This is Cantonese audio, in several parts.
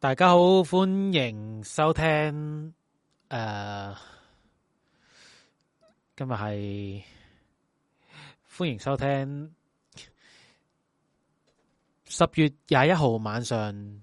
大家好，歡迎收聽。呃，今日係歡迎收聽十月廿一號晚上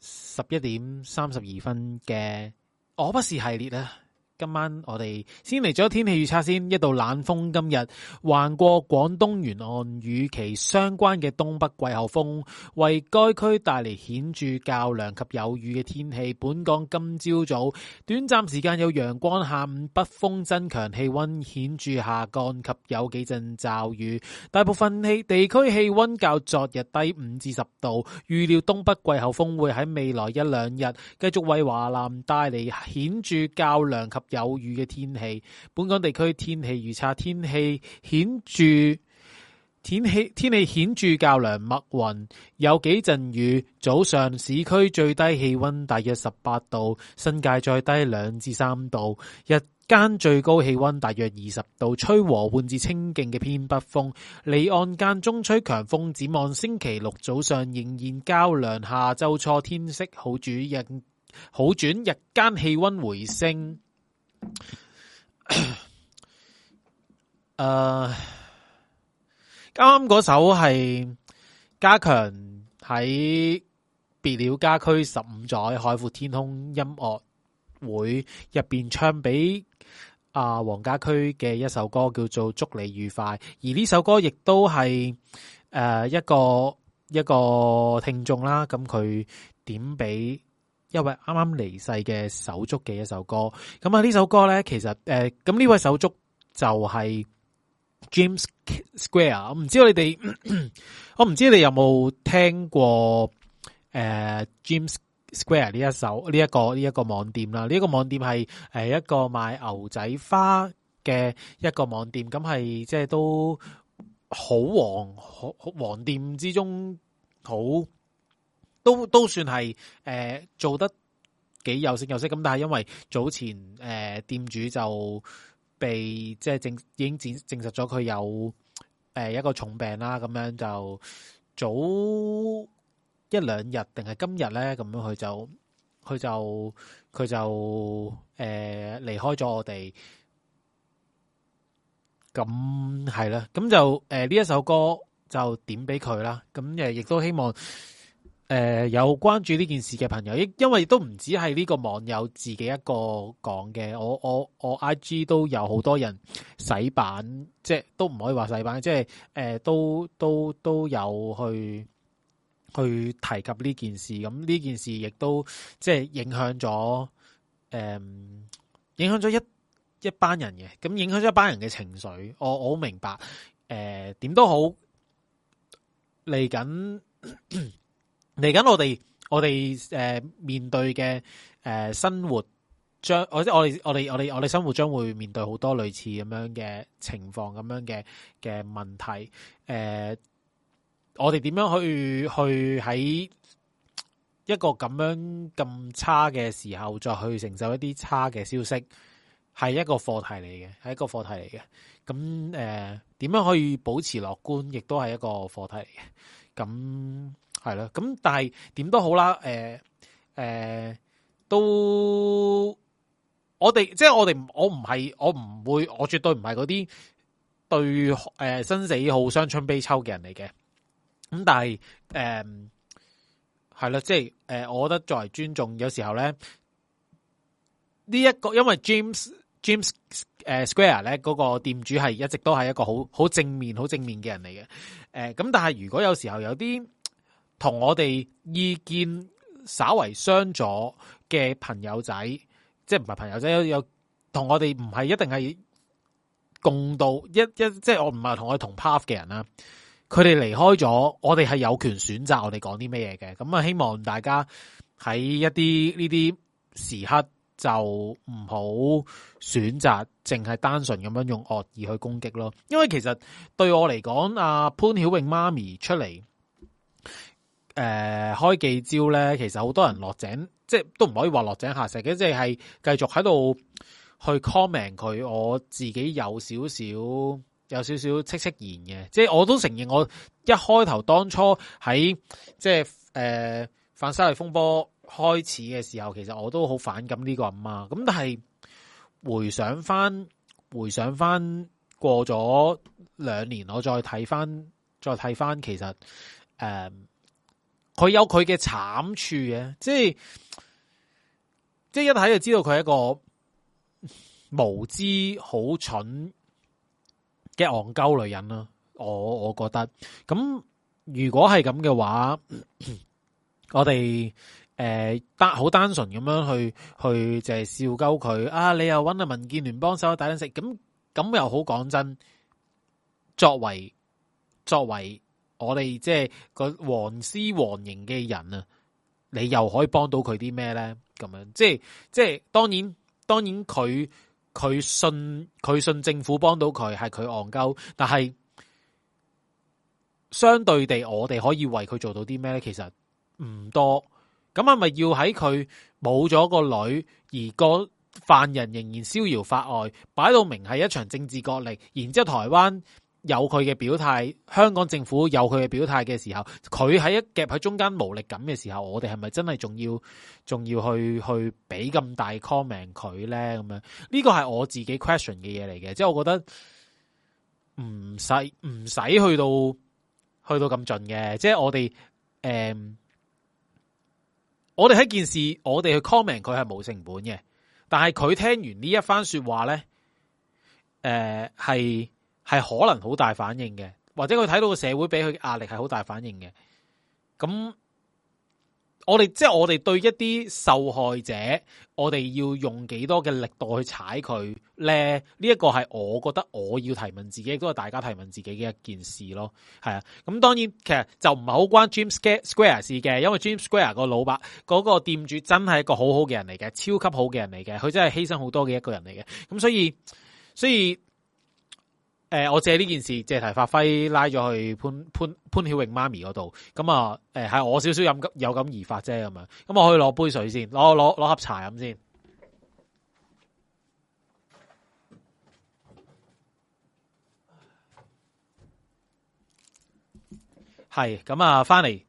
十一點三十二分嘅我不是系列啦。今晚我哋先嚟咗天氣預測先，一道冷鋒今日橫過廣東沿岸，與其相關嘅東北季候風為該區帶嚟顯著較涼及有雨嘅天氣。本港今朝早早短暫時間有陽光，下午北風增強，氣温顯著下降及有幾陣驟雨。大部分地區氣温較昨日低五至十度。預料東北季候風會喺未來一兩日繼續為華南帶嚟顯著較涼及有雨嘅天氣，本港地區天氣預測，天氣顯著天氣天氣顯著較涼，密雲有幾陣雨。早上市區最低氣溫大約十八度，新界再低兩至三度。日間最高氣溫大約二十度，吹和緩至清勁嘅偏北風。離岸間中吹強風。展望星期六早上仍然較涼，下周初天色好主日好轉，日間氣溫回升。誒，啱啱嗰首係加強喺別了家駒十五載海闊天空音樂會入邊唱俾阿黃家駒嘅一首歌叫做祝你愉快，而呢首歌亦都係誒一個一個聽眾啦，咁、嗯、佢點俾？一位啱啱離世嘅手足嘅一首歌，咁啊呢首歌咧，其實誒，咁、呃、呢位手足就係 James Square，我唔知你哋，我唔知你，咳咳知你有冇聽過誒、呃、James Square 呢一首，呢一個呢一個網店啦，呢、呢、一個網店係誒一個賣牛仔花嘅一個網店，咁係即係都好黃好，黃店之中好。都都算係誒、呃、做得幾有聲有色咁，但係因為早前誒、呃、店主就被即係證已經證證實咗佢有誒、呃、一個重病啦，咁樣就早一兩日定係今日呢？咁樣佢就佢就佢就誒離、呃、開咗我哋。咁係啦，咁就誒呢、呃、一首歌就點俾佢啦，咁誒亦都希望。誒、呃，有關注呢件事嘅朋友，因因為亦都唔止係呢個網友自己一個講嘅，我我我 IG 都有好多人洗版，即係都唔可以話洗版，即係誒、呃，都都都有去去提及呢件事，咁呢件事亦都即係影響咗，誒、呃，影響咗一一班人嘅，咁影響咗一班人嘅情緒，我我好明白，誒、呃，點都好嚟緊。 嚟緊，我哋我哋誒面對嘅誒、呃、生活將，或、呃、者我哋我哋我哋我哋生活將會面對好多類似咁樣嘅情況，咁樣嘅嘅問題。誒、呃，我哋點樣可以去去喺一個咁樣咁差嘅時候，再去承受一啲差嘅消息，係一個課題嚟嘅，係一個課題嚟嘅。咁、嗯、誒，點、呃、樣可以保持樂觀，亦都係一個課題嚟嘅。咁、嗯。係啦，咁但係點、呃呃、都好啦，誒誒都我哋即係我哋我唔係我唔會我絕對唔係嗰啲對誒、呃、生死好、傷春悲秋嘅人嚟嘅。咁但係誒係啦，即係誒、呃，我覺得作為尊重，有時候咧呢一、這個因為 James James 誒 Square 咧嗰、那個店主係一直都係一個好好正面、好正面嘅人嚟嘅。誒、呃、咁但係如果有時候有啲。同我哋意見稍微相左嘅朋友仔，即係唔係朋友仔有有同我哋唔係一定係共道一一，即係我唔係同我同 path 嘅人啦。佢哋離開咗，我哋係有權選擇我哋講啲咩嘢嘅。咁啊，希望大家喺一啲呢啲時刻就唔好選擇，淨係單純咁樣用惡意去攻擊咯。因為其實對我嚟講，阿潘曉穎媽咪出嚟。誒、呃，開幾招咧？其實好多人落井，即係都唔可以話落井下石，即係繼續喺度去 comment 佢。我自己有少少，有少少戚戚然嘅，即係我都承認，我一開頭當初喺即係誒、呃，反西利風波開始嘅時候，其實我都好反感呢個阿媽。咁但係回想翻，回想翻過咗兩年，我再睇翻，再睇翻，其實誒。呃佢有佢嘅慘處嘅，即係即係一睇就知道佢係一個無知好蠢嘅戇鳩女人啦。我我覺得，咁如果係咁嘅話，咳咳我哋誒、呃、單好單純咁樣去去就係笑鳩佢啊！你又搵阿民建聯幫手打飲食，咁咁又好講真，作為作為。我哋即係個黃絲黃營嘅人啊，你又可以幫到佢啲咩咧？咁樣即係即係，當然當然，佢佢信佢信政府幫到佢係佢戇鳩，但係相對地，我哋可以為佢做到啲咩咧？其實唔多。咁係咪要喺佢冇咗個女，而個犯人仍然逍遙法外，擺到明係一場政治角力，然之後台灣？有佢嘅表態，香港政府有佢嘅表態嘅時候，佢喺一夾喺中間無力感嘅時候，我哋係咪真係仲要仲要去去俾咁大 comment 佢咧？咁樣呢個係我自己 question 嘅嘢嚟嘅，即係我覺得唔使唔使去到去到咁盡嘅，即係我哋誒，我哋喺件事，我哋去 comment 佢係冇成本嘅，但係佢聽完呢一番說話咧，誒係。係可能好大反應嘅，或者佢睇到個社會俾佢嘅壓力係好大反應嘅。咁我哋即係我哋對一啲受害者，我哋要用幾多嘅力度去踩佢咧？呢一個係我覺得我要提問自己，亦都係大家提問自己嘅一件事咯。係啊，咁當然其實就唔係好關 Dream Square 事嘅，因為 Dream Square 個老闆嗰個店主真係一個好好嘅人嚟嘅，超級好嘅人嚟嘅，佢真係犧牲好多嘅一個人嚟嘅。咁所以，所以。誒、呃，我借呢件事借題發揮，拉咗去潘潘潘曉穎媽咪嗰度。咁啊，係、呃、我少少有有感而發啫咁樣。咁我可以攞杯水先，攞攞攞盒茶飲先。係咁、嗯、啊，翻嚟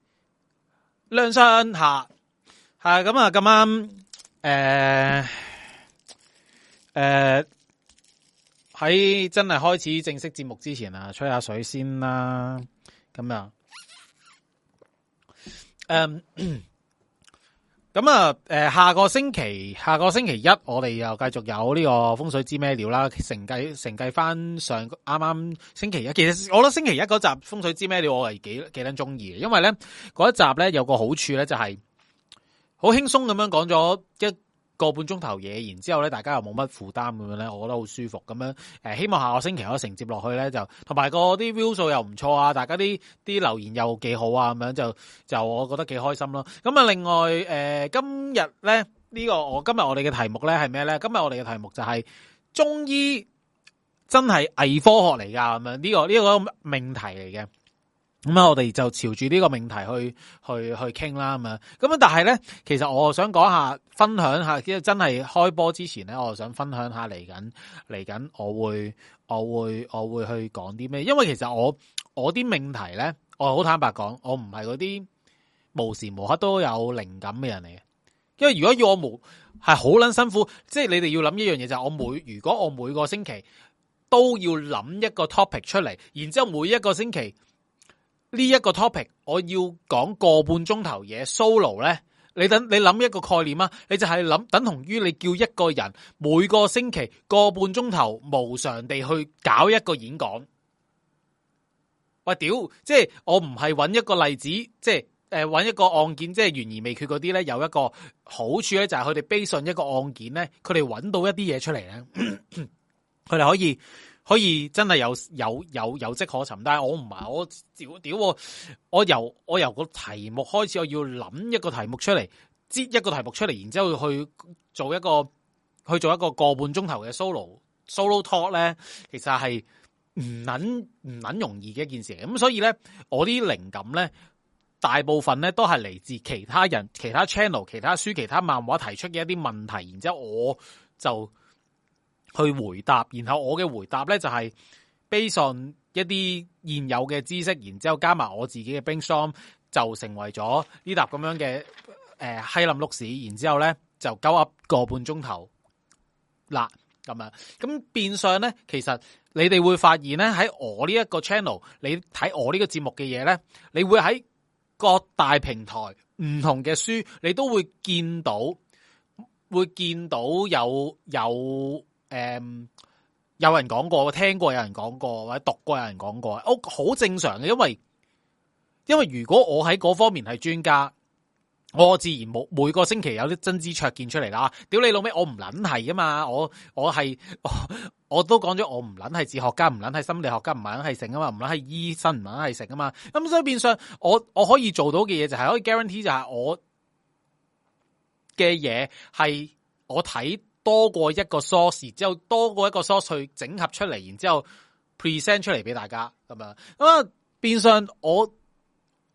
涼身下。係咁啊，咁啱。誒誒。呃呃呃喺真係開始正式節目之前啊，吹下水先啦。咁啊，誒、嗯，咁啊，誒，下個星期下個星期一，我哋又繼續有呢個風水知咩料啦。承繼承繼翻上啱啱星期一，其實我覺得星期一嗰集風水知咩料我是挺，我係幾幾得中意嘅，因為咧嗰一集咧有個好處咧，就係好輕鬆咁樣講咗一。個半鐘頭嘢，然之後咧，大家又冇乜負擔咁樣咧，我覺得好舒服咁樣。誒、呃，希望下個星期可承接落去咧，就同埋個啲 view 數又唔錯啊，大家啲啲留言又幾好啊，咁樣就就我覺得幾開心咯。咁啊，另外誒、呃，今日咧呢、這個今我今日我哋嘅題目咧係咩咧？今日我哋嘅題目就係、是、中醫真係偽科學嚟噶，咁樣呢、這個呢、這個個命題嚟嘅。咁啊，我哋就朝住呢個命題去去去傾啦咁啊。咁啊，但係咧，其實我想講下分享下，即真係開波之前咧，我想分享下嚟緊嚟緊，我會我會我會去講啲咩？因為其實我我啲命題咧，我好坦白講，我唔係嗰啲無時無刻都有靈感嘅人嚟嘅。因為如果要我無係好捻辛苦，即係你哋要諗一樣嘢就係我每如果我每個星期都要諗一個 topic 出嚟，然之後每一個星期。呢一個 topic 我要講個半鐘頭嘢 solo 咧，你等你諗一個概念啊，你就係諗等同於你叫一個人每個星期個半鐘頭無償地去搞一個演講。喂，屌，即係我唔係揾一個例子，即係誒揾一個案件，即係懸而未決嗰啲咧，有一個好處咧，就係佢哋 based on 一個案件咧，佢哋揾到一啲嘢出嚟咧，佢哋可以。可以真係有有有有跡可尋，但係我唔係我屌屌我，我，我由我由個題目開始，我要諗一個題目出嚟，接一個題目出嚟，然之後去做一個去做一個一個半鐘頭嘅 solo solo talk 咧，其實係唔捻唔捻容易嘅一件事。咁所以咧，我啲靈感咧，大部分咧都係嚟自其他人、其他 channel、其他書、其他漫畫提出嘅一啲問題，然之後我就。去回答，然後我嘅回答呢就係 based on 一啲現有嘅知識，然之後加埋我自己嘅冰霜，就成為咗呢沓咁樣嘅誒希林碌屎，呃、 然之後咧就夠噏個半鐘頭，嗱咁啊，咁變相呢，其實你哋會發現呢，喺我呢一個 channel，你睇我呢個節目嘅嘢呢，你會喺各大平台唔同嘅書，你都會見到，會見到有有。誒、嗯，有人講過，聽過有人講過，或者讀過有人講過，好、嗯、正常嘅。因為因為如果我喺嗰方面係專家，我自然冇每個星期有啲真知灼見出嚟啦、啊。屌你老味，我唔捻係啊嘛，我我係我，我都講咗，我唔捻係哲學家，唔捻係心理學家，唔捻係成啊嘛，唔捻係醫生，唔捻係成啊嘛。咁所以變相我我可以做到嘅嘢就係、是、可以 guarantee 就係我嘅嘢係我睇。多過一個 source，之後多過一個 source 去整合出嚟，然之後 present 出嚟俾大家咁樣。咁啊，變相我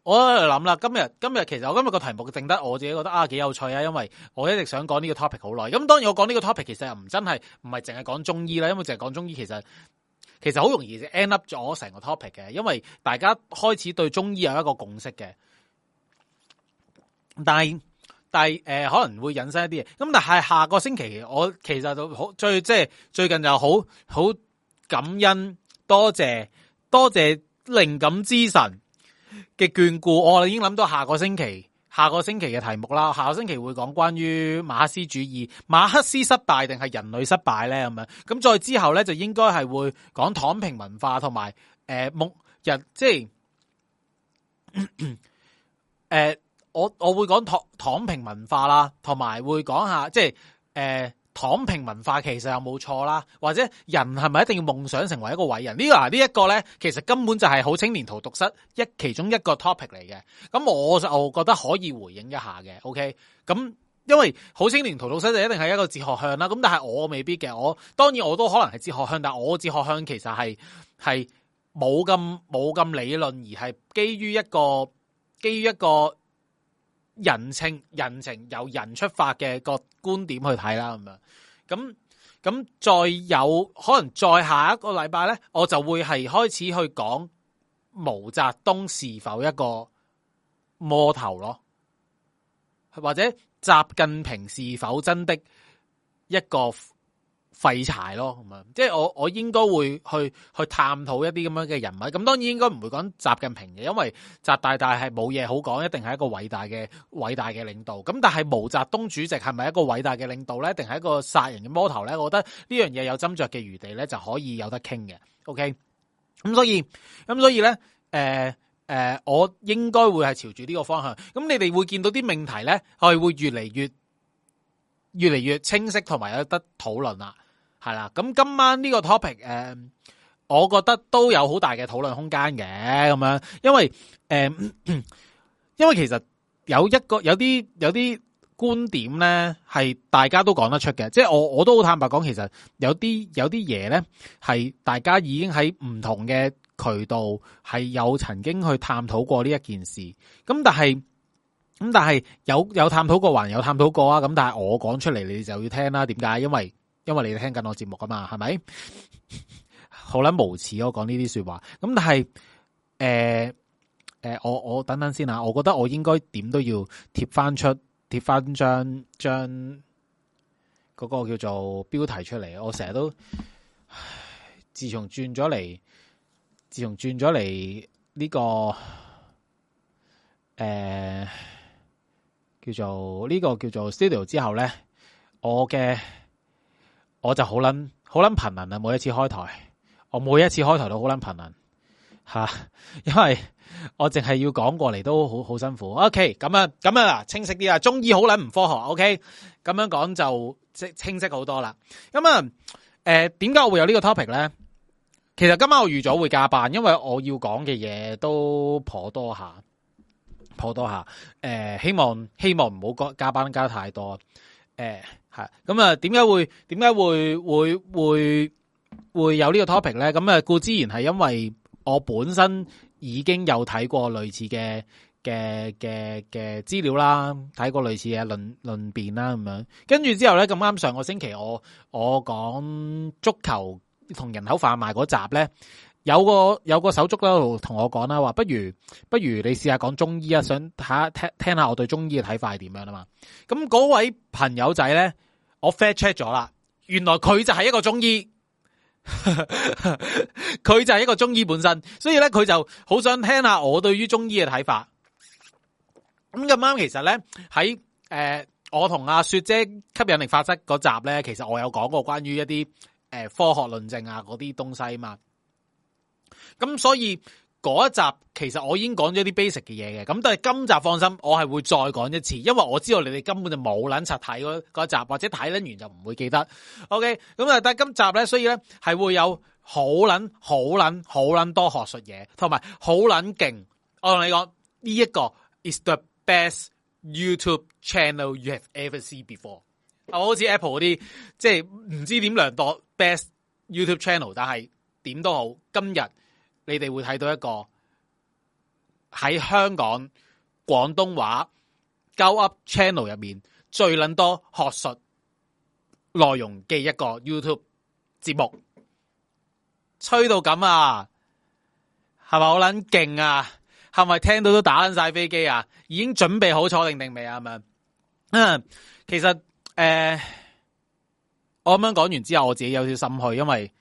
我喺度諗啦，今日今日其實我今日個題目定得我自己覺得啊幾有趣啊，因為我一直想講呢個 topic 好耐。咁當然我講呢個 topic 其實又唔真係唔係淨係講中醫啦，因為淨係講中醫其實其實好容易就 end up 咗成個 topic 嘅，因為大家開始對中醫有一個共識嘅，但係。但係誒、呃，可能會引申一啲嘢。咁但係下個星期，我其實就好最即係最近就好好感恩，多謝多謝靈感之神嘅眷顧。我已經諗到下個星期，下個星期嘅題目啦。下個星期會講關於馬克思主義，馬克思失敗定係人類失敗咧，咁樣。咁再之後咧，就應該係會講躺平文化同埋誒，目人、呃、即係誒。咳咳呃我我會講躺躺平文化啦，同埋會講下即係誒躺平文化其實有冇錯啦？或者人係咪一定要夢想成為一個偉人呢？這個這個呢一個咧，其實根本就係好青年荼毒室一其中一個 topic 嚟嘅。咁我就覺得可以回應一下嘅。OK，咁因為好青年荼毒室就一定係一個哲學向啦。咁但係我未必嘅，我當然我都可能係哲學向，但係我哲學向其實係係冇咁冇咁理論，而係基於一個基於一個。基於一個人情人情由人出發嘅個觀點去睇啦，咁樣，咁咁再有可能再下一個禮拜咧，我就會係開始去講毛澤東是否一個魔頭咯，或者習近平是否真的一個。廢柴咯，咁啊，即係我我應該會去去探討一啲咁樣嘅人物，咁當然應該唔會講習近平嘅，因為習大大係冇嘢好講，一定係一個偉大嘅偉大嘅領導。咁但係毛澤東主席係咪一個偉大嘅領導咧？定係一個殺人嘅魔頭咧？我覺得呢樣嘢有斟酌嘅餘地咧，就可以有得傾嘅。OK，咁所以咁所以咧，誒、呃、誒、呃，我應該會係朝住呢個方向。咁你哋會見到啲命題咧，係會越嚟越越嚟越清晰，同埋有得討論啦。係啦，咁今晚呢個 topic，誒，我覺得都有好大嘅討論空間嘅，咁樣，因為，誒、呃，因為其實有一個有啲有啲觀點咧，係大家都講得出嘅，即係我我都好坦白講，其實有啲有啲嘢咧，係大家已經喺唔同嘅渠道係有曾經去探討過呢一件事，咁但係，咁但係有有探討過，還有探討過啊，咁但係我講出嚟，你就要聽啦，點解？因為因為你聽緊我節目㗎嘛，係咪？好捻無恥我這些、呃呃，我講呢啲說話。咁但係，誒誒，我我等等先啊！我覺得我應該點都要貼翻出，貼翻張張嗰個叫做標題出嚟。我成日都自從轉咗嚟，自從轉咗嚟呢個誒、呃、叫做呢、呢個叫做 studio 之後咧，我嘅。我就好捻好捻頻能啊！每一次開台，我每一次開台都好捻頻能吓、啊，因為我淨係要講過嚟都好好辛苦。O K，咁啊咁啊嗱清晰啲啊！中醫好捻唔科學。O K，咁樣講就即清晰好多啦。咁啊誒，點、呃、解我會有個呢個 topic 咧？其實今晚我預咗會加班，因為我要講嘅嘢都頗多下，頗多下。誒、呃，希望希望唔好加班加太多。誒、呃。咁啊，點解會點解會會會會有呢個 topic 咧？咁啊，故之然係因為我本身已經有睇過類似嘅嘅嘅嘅資料啦，睇過類似嘅論論辯啦咁樣。跟住之後咧，咁啱上個星期我我講足球同人口販賣嗰集咧，有個有個手足喺度同我講啦，話不如不如你試下講中醫啊，想睇聽聽下我對中醫嘅睇法係點樣啊嘛。咁嗰位朋友仔咧。我 fair check 咗啦，原來佢就係一個中醫，佢 就係一個中醫本身，所以咧佢就好想聽下我對於中醫嘅睇法。咁咁啱，其實咧喺誒我同阿雪姐吸引力法則嗰集咧，其實我有講過關於一啲誒、呃、科學論證啊嗰啲東西嘛。咁所以。嗰一集其實我已經講咗啲 basic 嘅嘢嘅，咁但係今集放心，我係會再講一次，因為我知道你哋根本就冇捻拆睇嗰一集，或者睇得完就唔會記得。OK，咁啊，但係今集咧，所以咧係會有好捻好捻好捻多學術嘢，同埋好捻勁。我同你講呢一個 is the best YouTube channel you have ever seen before。我好似 Apple 嗰啲，即係唔知點量度 best YouTube channel，但係點都好，今日。你哋會睇到一個喺香港廣東話、Go Up Channel 入面最捻多學術內容嘅一個 YouTube 節目，吹到咁啊，係咪好捻勁啊？係咪聽到都打晒飛機啊？已經準備好坐定定未啊？咁啊，其實誒、呃，我咁樣講完之後，我自己有少少心虛，因為。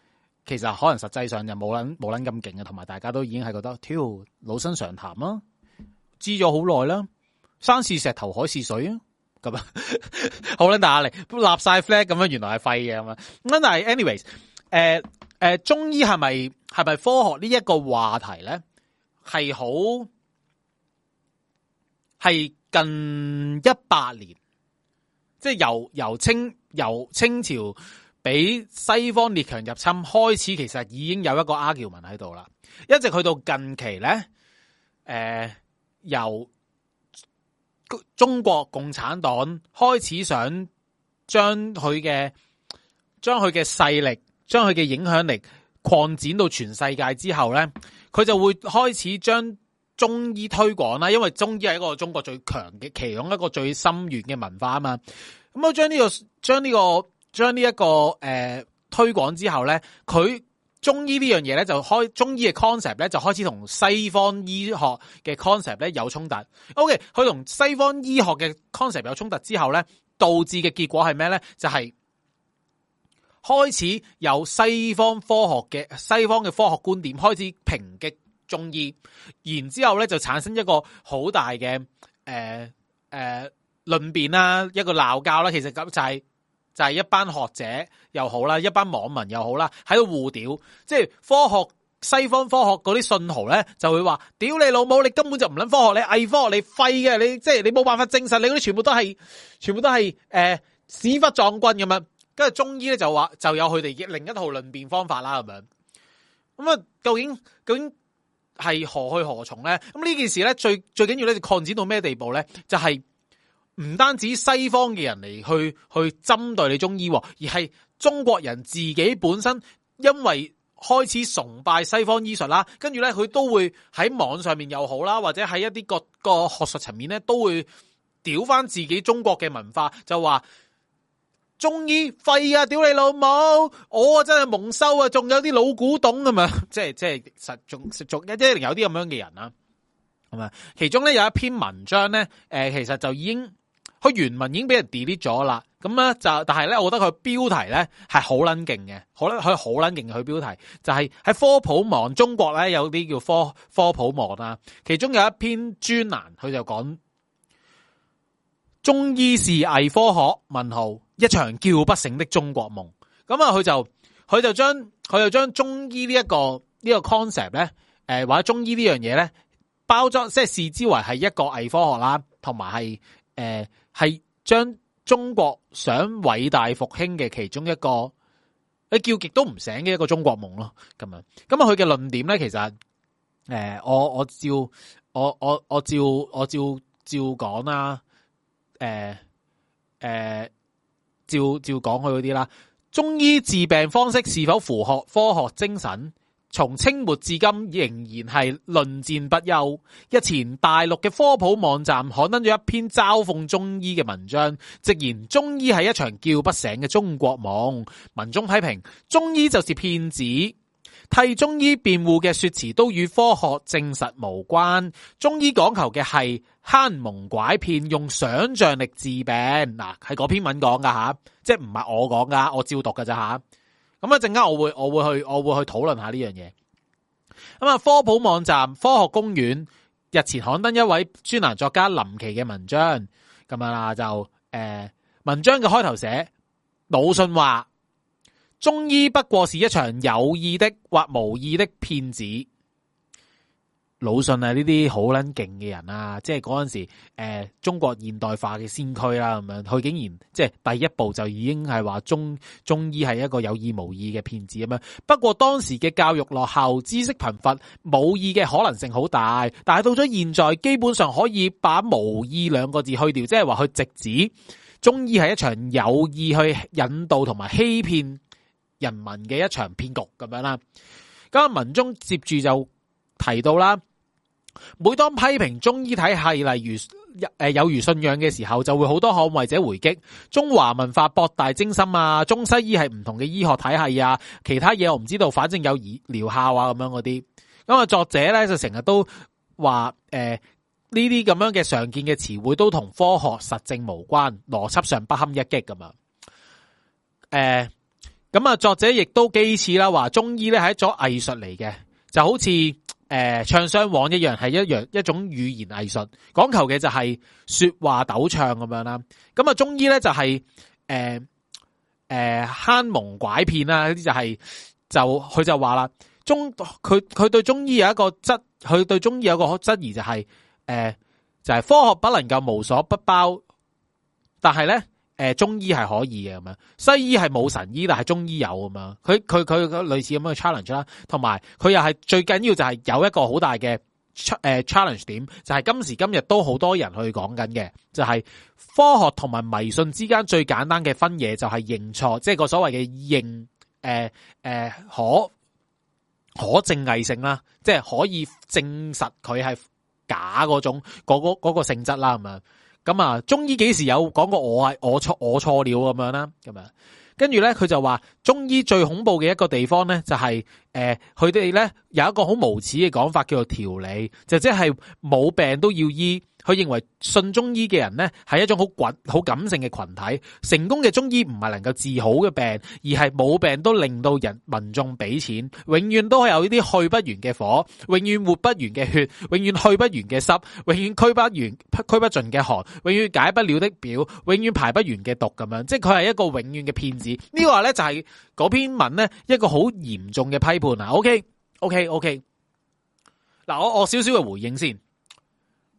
其實可能實際上就冇諗冇諗咁勁嘅，同埋大家都已經係覺得，挑老生常談啦，知咗好耐啦，山是石頭，海是水啊，咁啊，好啦，打係立晒 flag 咁樣，原來係廢嘅咁樣，咁但係，anyways，誒、呃、誒、呃，中醫係咪係咪科學呢一個話題咧，係好係近一百年，即係由由清由清朝。俾西方列強入侵，開始其實已經有一個 argument 喺度啦，一直去到近期呢，誒、呃，由中國共產黨開始想將佢嘅將佢嘅勢力、將佢嘅影響力擴展到全世界之後呢，佢就會開始將中醫推廣啦，因為中醫係一個中國最強嘅其中一個最深遠嘅文化啊嘛，咁我將呢個將呢個。將呢一個誒、呃、推廣之後咧，佢中醫呢樣嘢咧，就開中醫嘅 concept 咧，就開始同西方醫學嘅 concept 咧有衝突。OK，佢同西方醫學嘅 concept 有衝突之後咧，導致嘅結果係咩咧？就係、是、開始由西方科學嘅西方嘅科學觀點開始抨擊中醫，然之後咧就產生一個好大嘅誒誒論辯啦，一個鬧交啦。其實咁就係、是。就係一班學者又好啦，一班網民又好啦，喺度互屌，即係科學西方科學嗰啲信號咧，就會話屌你老母，你根本就唔撚科學，你偽科學，你廢嘅，你即係、就是、你冇辦法證實，你嗰啲全部都係，全部都係誒、呃、屎忽壯棍咁樣，跟住中醫咧就話就有佢哋另一套論辯方法啦，咁樣，咁啊究竟究竟係何去何從咧？咁呢件事咧最最緊要咧就擴展到咩地步咧？就係、是。唔單止西方嘅人嚟，去去針對你中醫，而係中國人自己本身，因為開始崇拜西方醫術啦，跟住咧佢都會喺網上面又好啦，或者喺一啲各個學術層面咧，都會屌翻自己中國嘅文化，就話中醫廢啊！屌你老母，我真係蒙羞啊！仲有啲老古董咁嘛。即係即係實從實一即係，有啲咁樣嘅人啦，係咪？其中咧有一篇文章咧，誒，其實就已經。佢原文已經俾人 delete 咗啦，咁咧就，但係咧，我覺得佢標題咧係好撚勁嘅。好咧，佢好撚勁嘅佢標題就係、是、喺科普網中國咧有啲叫科科普網啦，其中有一篇專欄，佢就講中醫是偽科學問號，一場叫不醒的中國夢。咁啊，佢就佢就將佢就將中醫呢、這、一個呢、這個 concept 咧、呃，誒或者中醫呢樣嘢咧包裝，即、就、係、是、視之為係一個偽科學啦，同埋係誒。呃係將中國想偉大復興嘅其中一個，叫極都唔醒嘅一個中國夢咯，咁樣。咁啊，佢嘅論點咧，其實，誒、呃，我我照，我我我，我照，我照照講啦，誒，誒，照、啊呃呃、照講佢嗰啲啦，中醫治病方式是否符合科學精神？從清末至今，仍然係論戰不休。日前，大陸嘅科普網站刊登咗一篇嘲諷中醫嘅文章，直言中醫係一場叫不醒嘅中國夢。文中批評中醫就是騙子，替中醫辯護嘅說辭都與科學證實無關。中醫講求嘅係坑蒙拐騙，用想象力治病。嗱，喺嗰篇文講噶吓，即係唔係我講噶，我照讀噶咋吓。咁啊，陣間我會我會去我會去討論下呢樣嘢。咁啊，科普網站科學公園日前刊登一位專欄作家林奇嘅文章，咁啊就誒，文章嘅開頭寫：魯迅話中醫不過是一場有意的或無意的騙子。魯迅啊，呢啲好撚勁嘅人啊，即係嗰陣時，誒、呃，中國現代化嘅先驅啦，咁樣，佢竟然即係第一步就已經係話中中醫係一個有意無意嘅騙子咁樣。不過當時嘅教育落後，知識貧乏，無意嘅可能性好大。但係到咗現在，基本上可以把無意兩個字去掉，即係話佢直指中醫係一場有意去引導同埋欺騙人民嘅一場騙局咁樣啦。咁文中接住就提到啦。每當批評中醫體系，例如誒有如信仰嘅時候，就會好多捍衛者回擊。中華文化博大精深啊，中西醫係唔同嘅醫學體系啊，其他嘢我唔知道，反正有療效啊，咁樣嗰啲。咁啊，作者咧就成日都話，誒呢啲咁樣嘅常見嘅詞彙都同科學實證無關，邏輯上不堪一擊咁樣誒，咁啊，作者亦都幾次啦話中醫咧係一種藝術嚟嘅，就好似。誒，唱雙簧一樣係一樣一種語言藝術，講求嘅就係說話抖唱咁樣啦。咁啊，中醫咧就係誒誒，坑、呃呃、蒙拐騙啦，呢啲就係、是、就佢就話啦，中佢佢對中醫有一個質，佢對中醫有一個質疑就係、是、誒、呃，就係、是、科學不能夠無所不包，但係咧。誒，中醫係可以嘅咁樣，西醫係冇神醫，但係中醫有咁樣。佢佢佢類似咁嘅 challenge 啦，同埋佢又係最緊要就係有一個好大嘅誒 challenge 點，就係、是、今時今日都好多人去講緊嘅，就係、是、科學同埋迷信之間最簡單嘅分野就係認錯，即係個所謂嘅認誒誒、呃呃、可可證偽性啦，即、就、係、是、可以證實佢係假嗰種嗰、那個那個性質啦咁啊。咁啊，中醫幾時有講過我係我錯我錯了咁樣啦，咁樣，跟住咧佢就話中醫最恐怖嘅一個地方咧、就是，就係誒，佢哋咧有一個好無恥嘅講法叫做調理，就即係冇病都要醫。佢認為信中醫嘅人呢係一種好滾好感性嘅群體，成功嘅中醫唔係能夠治好嘅病，而係冇病都令到人民眾俾錢，永遠都係有呢啲去不完嘅火，永遠活不完嘅血，永遠去不完嘅濕，永遠驅不完驅不盡嘅寒，永遠解不了的表，永遠排不完嘅毒咁樣，即係佢係一個永遠嘅騙子。呢個呢，就係嗰篇文呢，一個好嚴重嘅批判啊。OK，OK，OK，OK, OK, OK。嗱，我我少少嘅回應先。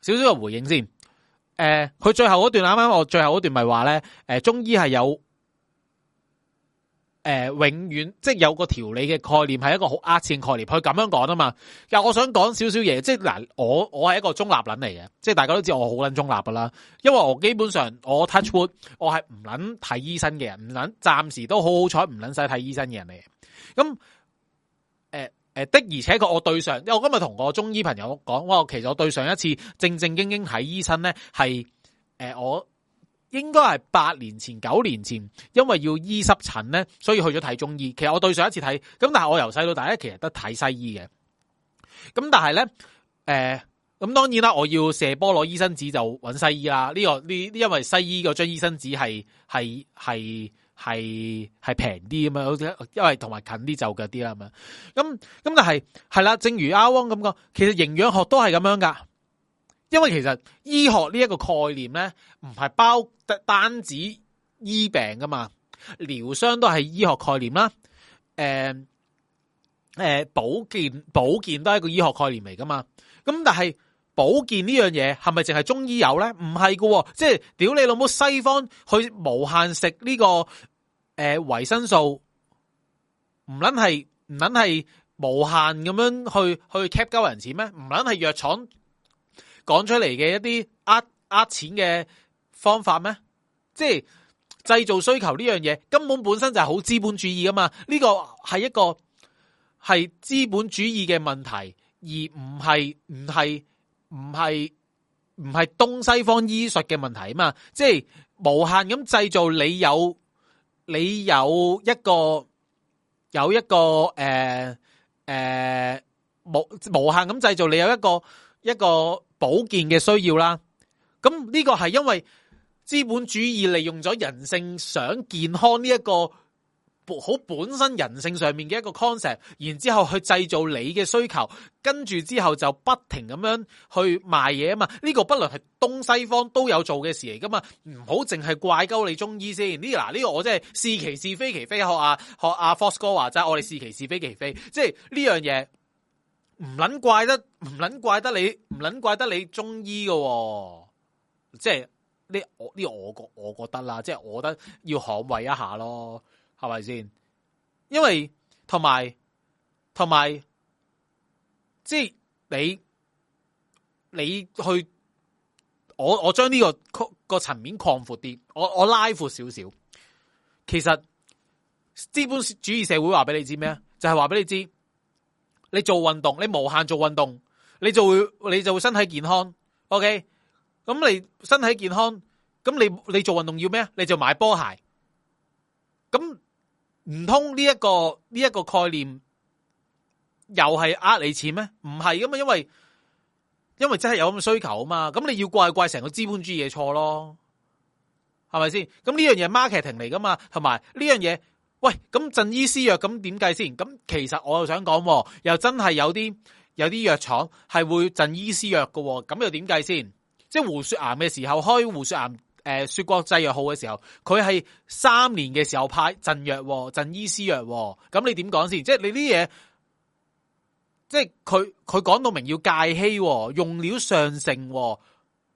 少少嘅回應先，誒、呃，佢最後嗰段啱啱我最後嗰段咪話咧，誒、呃，中醫係有，誒、呃，永遠即係有個調理嘅概念係一個好阿前概念，佢咁樣講啊嘛。又我想講少少嘢，即係嗱，我我係一個中立捻嚟嘅，即、就、係、是、大家都知道我好捻中立噶啦，因為我基本上我 touch wood 我係唔捻睇醫生嘅人，唔捻暫時都好好彩唔捻使睇醫生嘅人嚟，咁。的，而且我對上，因為我今日同我中醫朋友講，我其實我對上一次正正經經睇醫生咧，係誒、呃、我應該係八年前、九年前，因為要醫濕疹咧，所以去咗睇中醫。其實我對上一次睇，咁但係我由細到大咧，其實都睇西醫嘅。咁但係咧，誒、呃，咁當然啦，我要射波攞醫生紙就揾西醫啦。呢、呢個呢因為西醫嗰張醫生紙係係係。係係平啲咁啊，好似因為同埋近啲就嘅啲啦咁樣。咁咁但係係啦，正如阿汪咁講，其實營養學都係咁樣噶。因為其實醫學呢一個概念咧，唔係包得單止醫病噶嘛，療傷都係醫學概念啦。誒、呃、誒、呃，保健保健都係一個醫學概念嚟噶嘛。咁但係。保健呢樣嘢係咪淨係中醫有咧？唔係嘅，即係屌你老母！西方去無限食呢個誒維生素，唔捻係，唔捻係無限咁樣去去 cap 交人錢咩？唔捻係藥廠講出嚟嘅，一啲呃呃錢嘅方法咩？即係製造需求呢樣嘢，根本本身就係好資本主義噶嘛？呢個係一個係資本主義嘅問題，而唔係唔係。唔係唔係東西方醫術嘅問題啊嘛，即係無限咁製造你有你有一個有一個誒誒、呃呃、無無限咁製造你有一個一個保健嘅需要啦。咁呢個係因為資本主義利用咗人性想健康呢、這、一個。好本身人性上面嘅一個 concept，然之後去製造你嘅需求，跟住之後就不停咁樣去賣嘢啊嘛！呢個不論係東西方都有做嘅事嚟噶嘛，唔好淨係怪鳩你中醫先。呢嗱呢個我真係是其是非其非，學阿學阿 Fox 哥話齋，我哋是其是非其非，即係呢樣嘢唔捻怪得唔捻怪得你唔捻怪得你中醫噶，即係呢我呢我覺我覺得啦，即係我覺得要捍衛一下咯。係咪先？因為同埋同埋，即係你你去我我將呢個曲個層面擴闊啲，我我拉闊少少。其實資本主義社會話俾你知咩啊？就係話俾你知，你做運動，你無限做運動，你就會你就會身體健康。OK，咁你身體健康，咁你你做運動要咩啊？你就買波鞋，咁。唔通呢一個呢一個概念又係呃你錢咩？唔係噶嘛，因為因為真係有咁嘅需求啊嘛。咁你要怪怪成個資本主義嘅錯咯，係咪先？咁呢樣嘢 marketing 嚟噶嘛，同埋呢樣嘢，喂，咁贈醫施藥咁點計先？咁其實我又想講，又真係有啲有啲藥廠係會贈醫施藥嘅，咁又點計先？即係胡雪岩嘅時候開胡雪岩。誒，說國製藥號嘅時候，佢係三年嘅時候派贈藥、贈醫施藥，咁你點講先？即係你啲嘢，即係佢佢講到明要戒欺，用料上乘。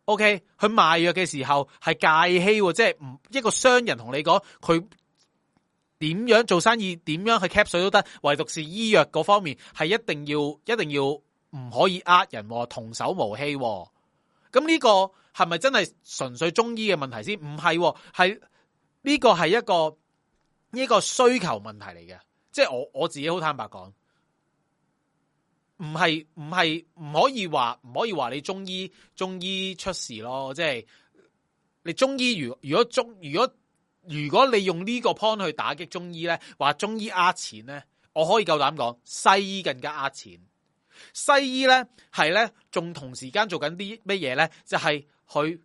OK，佢賣藥嘅時候係戒欺，即係唔一個商人同你講，佢點樣做生意，點樣去 cap 水都得，唯獨是醫藥嗰方面係一定要，一定要唔可以呃人，童叟無欺。咁呢個係咪真係純粹中醫嘅問題先？唔係，係呢個係一個呢個需求問題嚟嘅。即係我我自己好坦白講，唔係唔係唔可以話唔可以話你中醫中醫出事咯。即係你中醫，如果如果中如果如果你用呢個 point 去打擊中醫咧，話中醫呃錢咧，我可以夠膽講，西醫更加呃錢。西醫咧，係咧仲同時間做緊啲乜嘢咧？就係佢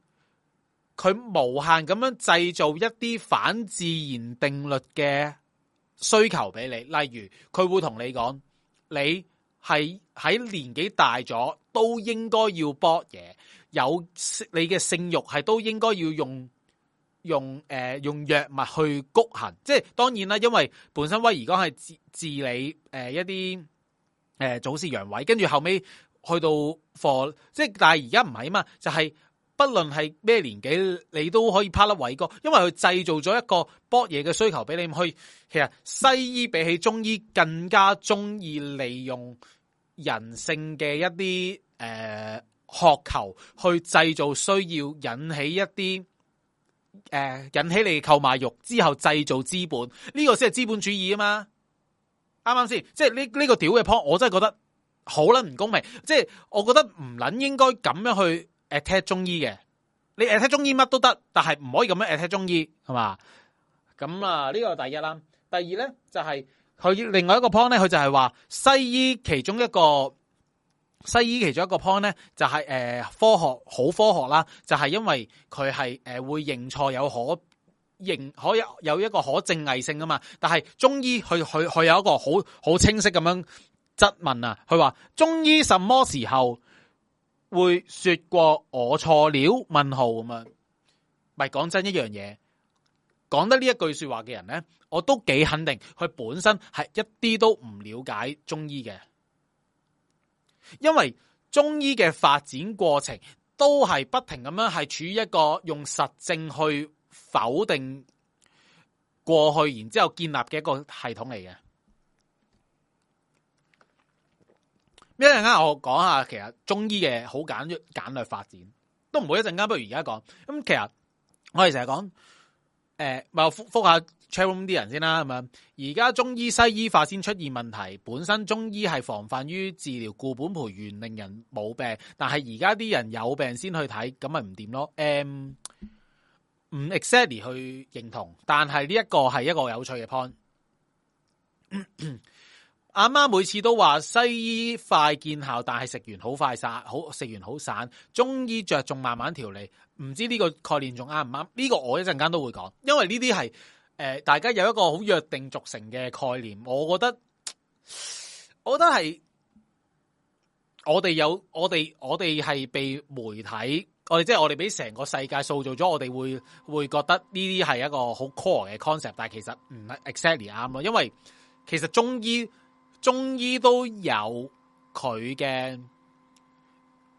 佢無限咁樣製造一啲反自然定律嘅需求俾你。例如佢會同你講，你係喺年紀大咗都應該要搏嘢，有你嘅性慾係都應該要用用誒、呃、用藥物去谷行。即係當然啦，因為本身威而鋼係治治理誒、呃、一啲。誒，早師陽痿，跟住後尾去到貨，即係但係而家唔係啊嘛，就係、是、不論係咩年紀，你都可以拍甩偉哥，因為佢製造咗一個搏嘢嘅需求俾你。去其實西醫比起中醫更加中意利用人性嘅一啲誒渴求去製造需要引，呃，引起一啲誒引起你購買慾之後，製造資本，呢，這個先係資本主義啊嘛。啱啱先？即係呢呢個屌嘅 point，我真係覺得好捻唔公平。即係我覺得唔捻應該咁樣去 attack 中醫嘅。你 attack 中醫乜都得，但係唔可以咁樣 attack 中醫係嘛？咁啊，呢個第一啦。第二咧就係佢另外一個 point 咧，佢就係話西醫其中一個西醫其中一個 point 咧就係誒科學好科學啦，就係因為佢係誒會認錯有可。仍可以有一個可證偽性啊嘛，但係中醫佢佢佢有一個好好清晰咁樣質問啊，佢話中醫什麼時候會說過我錯了？問號咁啊？唔係講真一樣嘢，講得呢一句說話嘅人咧，我都幾肯定佢本身係一啲都唔了解中醫嘅，因為中醫嘅發展過程都係不停咁樣係處於一個用實證去。否定過去，然之後建立嘅一個系統嚟嘅。咩，一陣間我講下，其實中醫嘅好簡簡略發展都唔會。一陣間不如而家講。咁其實我哋成日講，誒，咪覆覆下 chatroom 啲人先啦，咁樣。而家中醫西醫化先出現問題，本身中醫係防範於治療，固本培元，令人冇病。但係而家啲人有病先去睇，咁咪唔掂咯。誒。唔 exactly 去認同，但係呢一個係一個有趣嘅 point。阿媽 每次都話西醫快見效，但係食完好快散，好食完好散。中醫着重慢慢調理，唔知呢個概念仲啱唔啱？呢個我一陣間都會講，因為呢啲係誒大家有一個好約定俗成嘅概念。我覺得，我覺得係我哋有我哋我哋係被媒體。我哋即係我哋俾成個世界塑造咗，我哋會會覺得呢啲係一個好 core 嘅 concept，但係其實唔係 exactly 啱咯，因為其實中醫中醫都有佢嘅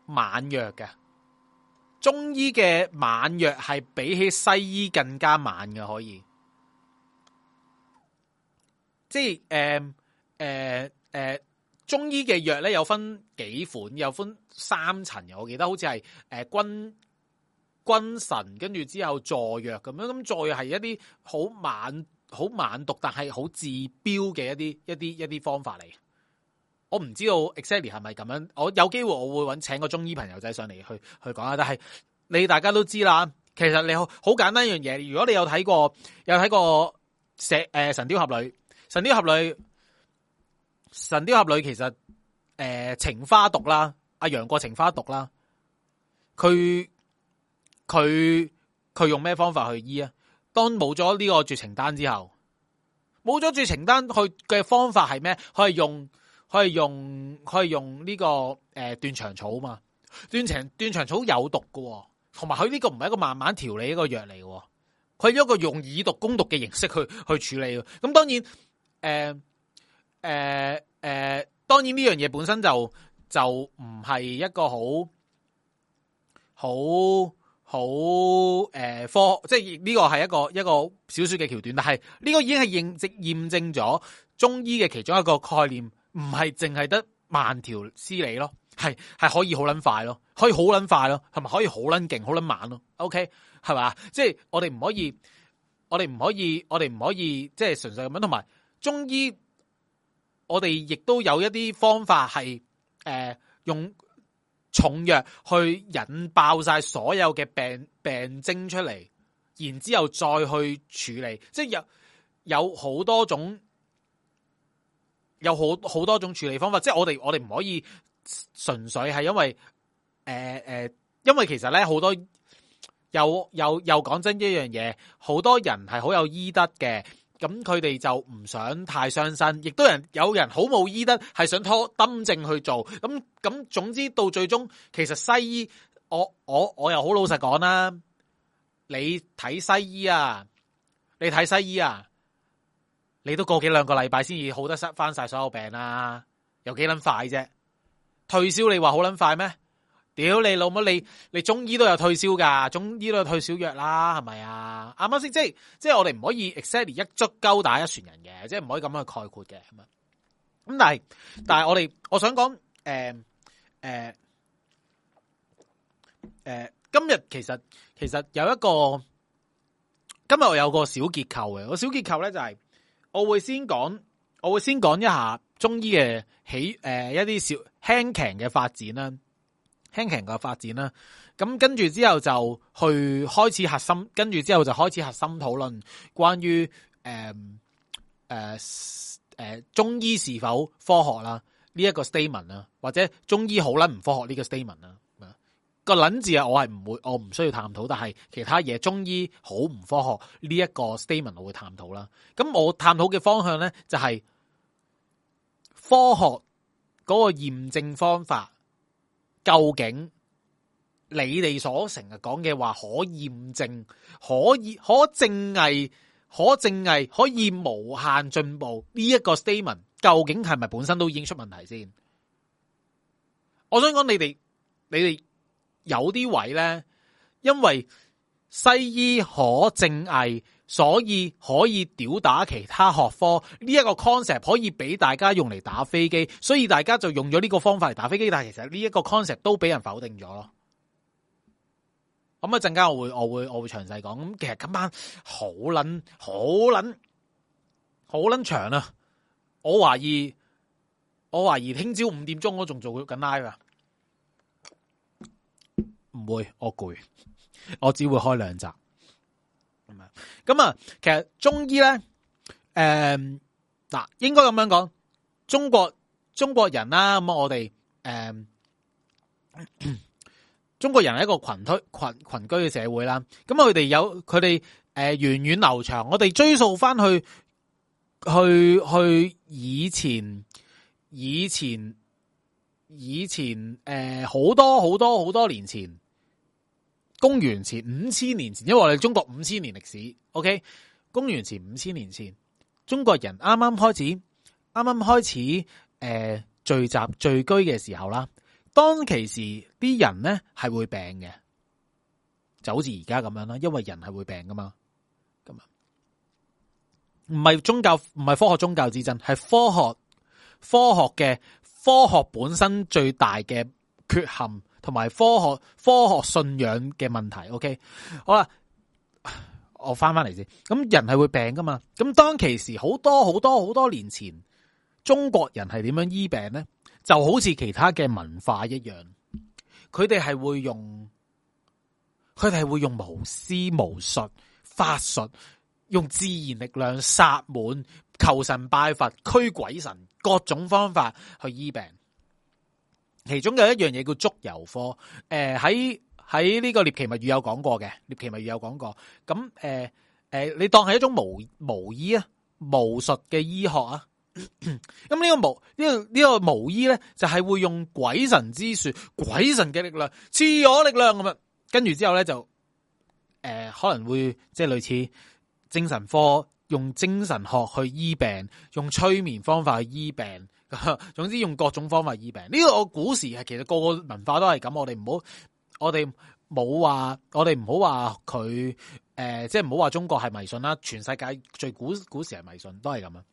猛藥嘅，中醫嘅猛藥係比起西醫更加猛嘅，可以、就是，即係誒誒誒，中醫嘅藥咧有分。幾款有分三層嘅，我記得好似係誒君君臣，跟住之後助藥咁樣，咁再係一啲好慢好慢毒，但係好治標嘅一啲一啲一啲方法嚟。我唔知道 exactly 係咪咁樣。我有機會我會搵請個中醫朋友仔上嚟去去講下，但係你大家都知啦，其實你好好簡單一樣嘢。如果你有睇過有睇過《石誒神雕俠侶》呃，神雕俠侶神雕俠侶其實。誒、呃，情花毒啦，阿、啊、楊過情花毒啦，佢佢佢用咩方法去醫啊？當冇咗呢個絕情丹之後，冇咗絕情丹，佢嘅方法係咩？佢係用佢係用佢係用呢、這個誒斷腸草啊嘛，斷腸斷腸草有毒噶，同埋佢呢個唔係一個慢慢調理嘅一個藥嚟嘅，佢係一個用以毒攻毒嘅形式去去處理嘅。咁當然，誒誒誒。呃呃當然呢樣嘢，本身就就唔係一個好好好誒科，即係呢個係一個一個小說嘅橋段。但係呢個已經係認，認證驗證咗中醫嘅其中一個概念，唔係淨係得慢條斯理咯，係係可以好捻快咯，可以好捻快咯，係咪可以好捻勁、好捻猛咯。OK 係咪？即係我哋唔可以，我哋唔可以，我哋唔可以即係純粹咁樣。同埋中醫。我哋亦都有一啲方法係，誒、呃、用重藥去引爆晒所有嘅病病徵出嚟，然之後再去處理，即係有有好多種，有好好多種處理方法。即係我哋我哋唔可以純粹係因為，誒、呃、誒、呃，因為其實咧好多有有有講真一樣嘢，好多人係好有醫德嘅。咁佢哋就唔想太傷身，亦都有人有人好冇醫德，係想拖登症去做。咁咁總之到最終，其實西醫，我我我又好老實講啦，你睇西醫啊，你睇西醫啊，你都過幾兩個禮拜先至好得，失翻晒所有病啦、啊，有幾撚快啫？退燒你話好撚快咩？屌你老母！你你中醫都有退燒噶，中醫都有退燒藥啦，係咪啊？啱啱先？即係即係我哋唔可以 exactly 一竹篙打一船人嘅，即係唔可以咁樣去概括嘅係嘛。咁但係但係我哋我想講誒誒誒，今日其實其實有一個今日我有個小結構嘅個小結構咧，就係我會先講我會先講一下中醫嘅起誒、呃、一啲小輕強嘅發展啦。聽人嘅發展啦，咁跟住之後就去開始核心，跟住之後就開始核心討論關於誒誒誒中醫是否科學啦？呢一個 statement 啊，或者中醫好撚唔科學呢個 statement 啊，嗰個撚字啊我係唔會，我唔需要探討，但係其他嘢中醫好唔科學呢一個 statement 我會探討啦。咁我探討嘅方向咧就係科學嗰個驗證方法。究竟你哋所成日講嘅話可驗證、可以可證偽、可證偽、可以無限進步呢一個 statement，究竟係咪本身都已經出問題先？我想講你哋，你哋有啲位咧，因為西醫可證偽。所以可以屌打其他學科呢一個 concept 可以俾大家用嚟打飛機，所以大家就用咗呢個方法嚟打飛機。但係其實呢一個 concept 都俾人否定咗咯。咁啊陣間我會我會我會詳細講。咁其實今晚好捻好捻好捻長啊！我懷疑我懷疑聽朝五點鐘我仲做緊 live 啊？唔會我攰，我只會開兩集。咁啊、嗯，其實中醫咧，誒，嗱，應該咁樣講，中國中國人啦，咁我哋，誒，中國人係、呃、一個群推群群居嘅社會啦，咁佢哋有佢哋，誒，源遠流長，我哋追溯返去，去去以前，以前，以前，誒、呃，好多好多好多年前。公元前五千年前，因為我哋中國五千年歷史，OK，公元前五千年前，中國人啱啱開始，啱啱開始，誒、呃、聚集聚居嘅時候啦，當其時啲人咧係會病嘅，就好似而家咁樣啦，因為人係會病噶嘛，咁啊，唔係宗教，唔係科學，宗教之爭係科學，科學嘅科學本身最大嘅缺陷。同埋科學、科學信仰嘅問題，OK，好啦，我翻翻嚟先。咁人係會病噶嘛？咁當其時，好多好多好多年前，中國人係點樣醫病咧？就好似其他嘅文化一樣，佢哋係會用，佢哋係會用巫師、巫術、法術，用自然力量、撒滿、求神拜佛、驅鬼神各種方法去醫病。其中有一樣嘢，叫足油科。誒，喺喺呢個獵奇物語有講過嘅，獵奇物語有講過，咁誒誒，你當係一種巫巫醫啊，巫術嘅醫學啊，咁、嗯這個這個這個、呢個巫呢個呢個巫醫咧，就係、是、會用鬼神之術、鬼神嘅力量、自我力量咁跟住之後咧就誒、呃、可能會即係類似精神科用精神學去醫病，用催眠方法去醫病。 總之用各種方法醫病，呢個我古時係其實個個文化都係咁。我哋唔好，我哋冇話，我哋唔好話佢誒，即係唔好話中國係迷信啦。全世界最古古時係迷信，都係咁啊。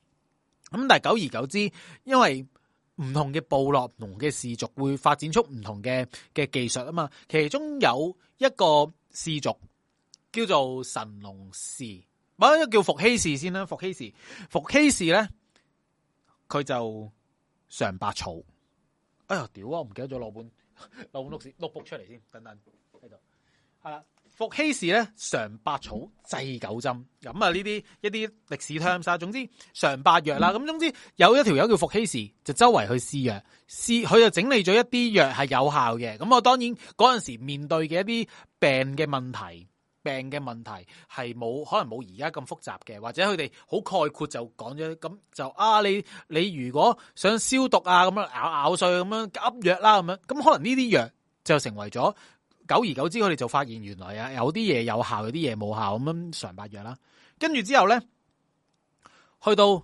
咁但係久而久之，因為唔同嘅部落、唔同嘅氏族會發展出唔同嘅嘅技術啊嘛。其中有一個氏族叫做神農氏，或者叫伏羲氏先啦。伏羲氏、伏羲氏咧，佢就。常百草，哎呀，屌啊！我唔記得咗攞本攞本六史錄出嚟先，等等喺度係啦。伏羲氏咧常百草制九針，咁啊呢啲一啲歷史 terms 啊，總之常百藥啦，咁、嗯、總之有一條友叫伏羲氏，就周圍去試藥，試佢就整理咗一啲藥係有效嘅，咁我當然嗰陣時候面對嘅一啲病嘅問題。病嘅問題係冇可能冇而家咁複雜嘅，或者佢哋好概括就講咗咁就啊你你如果想消毒啊咁樣咬咬碎咁樣拮藥啦咁樣，咁、啊、可能呢啲藥就成為咗久而久之，佢哋就發現原來啊有啲嘢有效，有啲嘢冇效咁樣嘗百藥啦。跟住之後咧，去到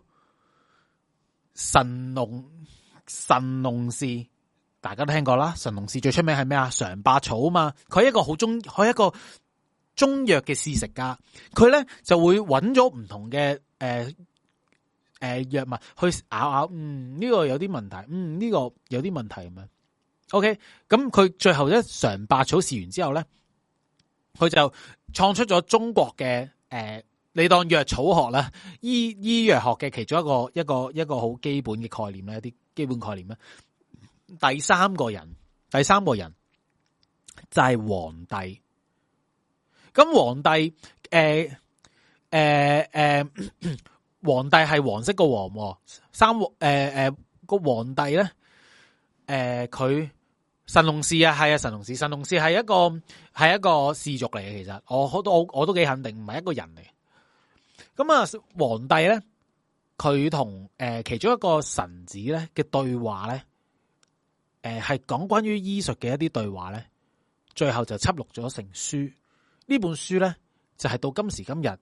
神農神農氏，大家都聽過啦，神農氏最出名係咩啊？嘗百草啊嘛，佢係一個好中，佢係一個。中藥嘅試食家，佢咧就會揾咗唔同嘅，誒誒藥物去咬咬，嗯呢、這個有啲問題，嗯呢、這個有啲問題咁樣。OK，咁佢最後一嘗百草試完之後咧，佢就創出咗中國嘅誒、呃，你當藥草學啦，醫醫藥學嘅其中一個一個一個好基本嘅概念咧，一啲基本概念咧。第三個人，第三個人就係黃帝。咁皇帝，誒誒誒，皇帝係黃色個黃，三誒誒個皇帝咧，誒佢神龍氏啊，係啊神龍氏，神龍氏係一個係一個氏族嚟嘅，其實我好多我我都幾肯定唔係一個人嚟嘅。咁啊，皇帝咧，佢同誒其中一個臣子咧嘅對話咧，誒係講關於醫術嘅一啲對話咧，最後就輯錄咗成書。呢本書咧就係、是、到今時今日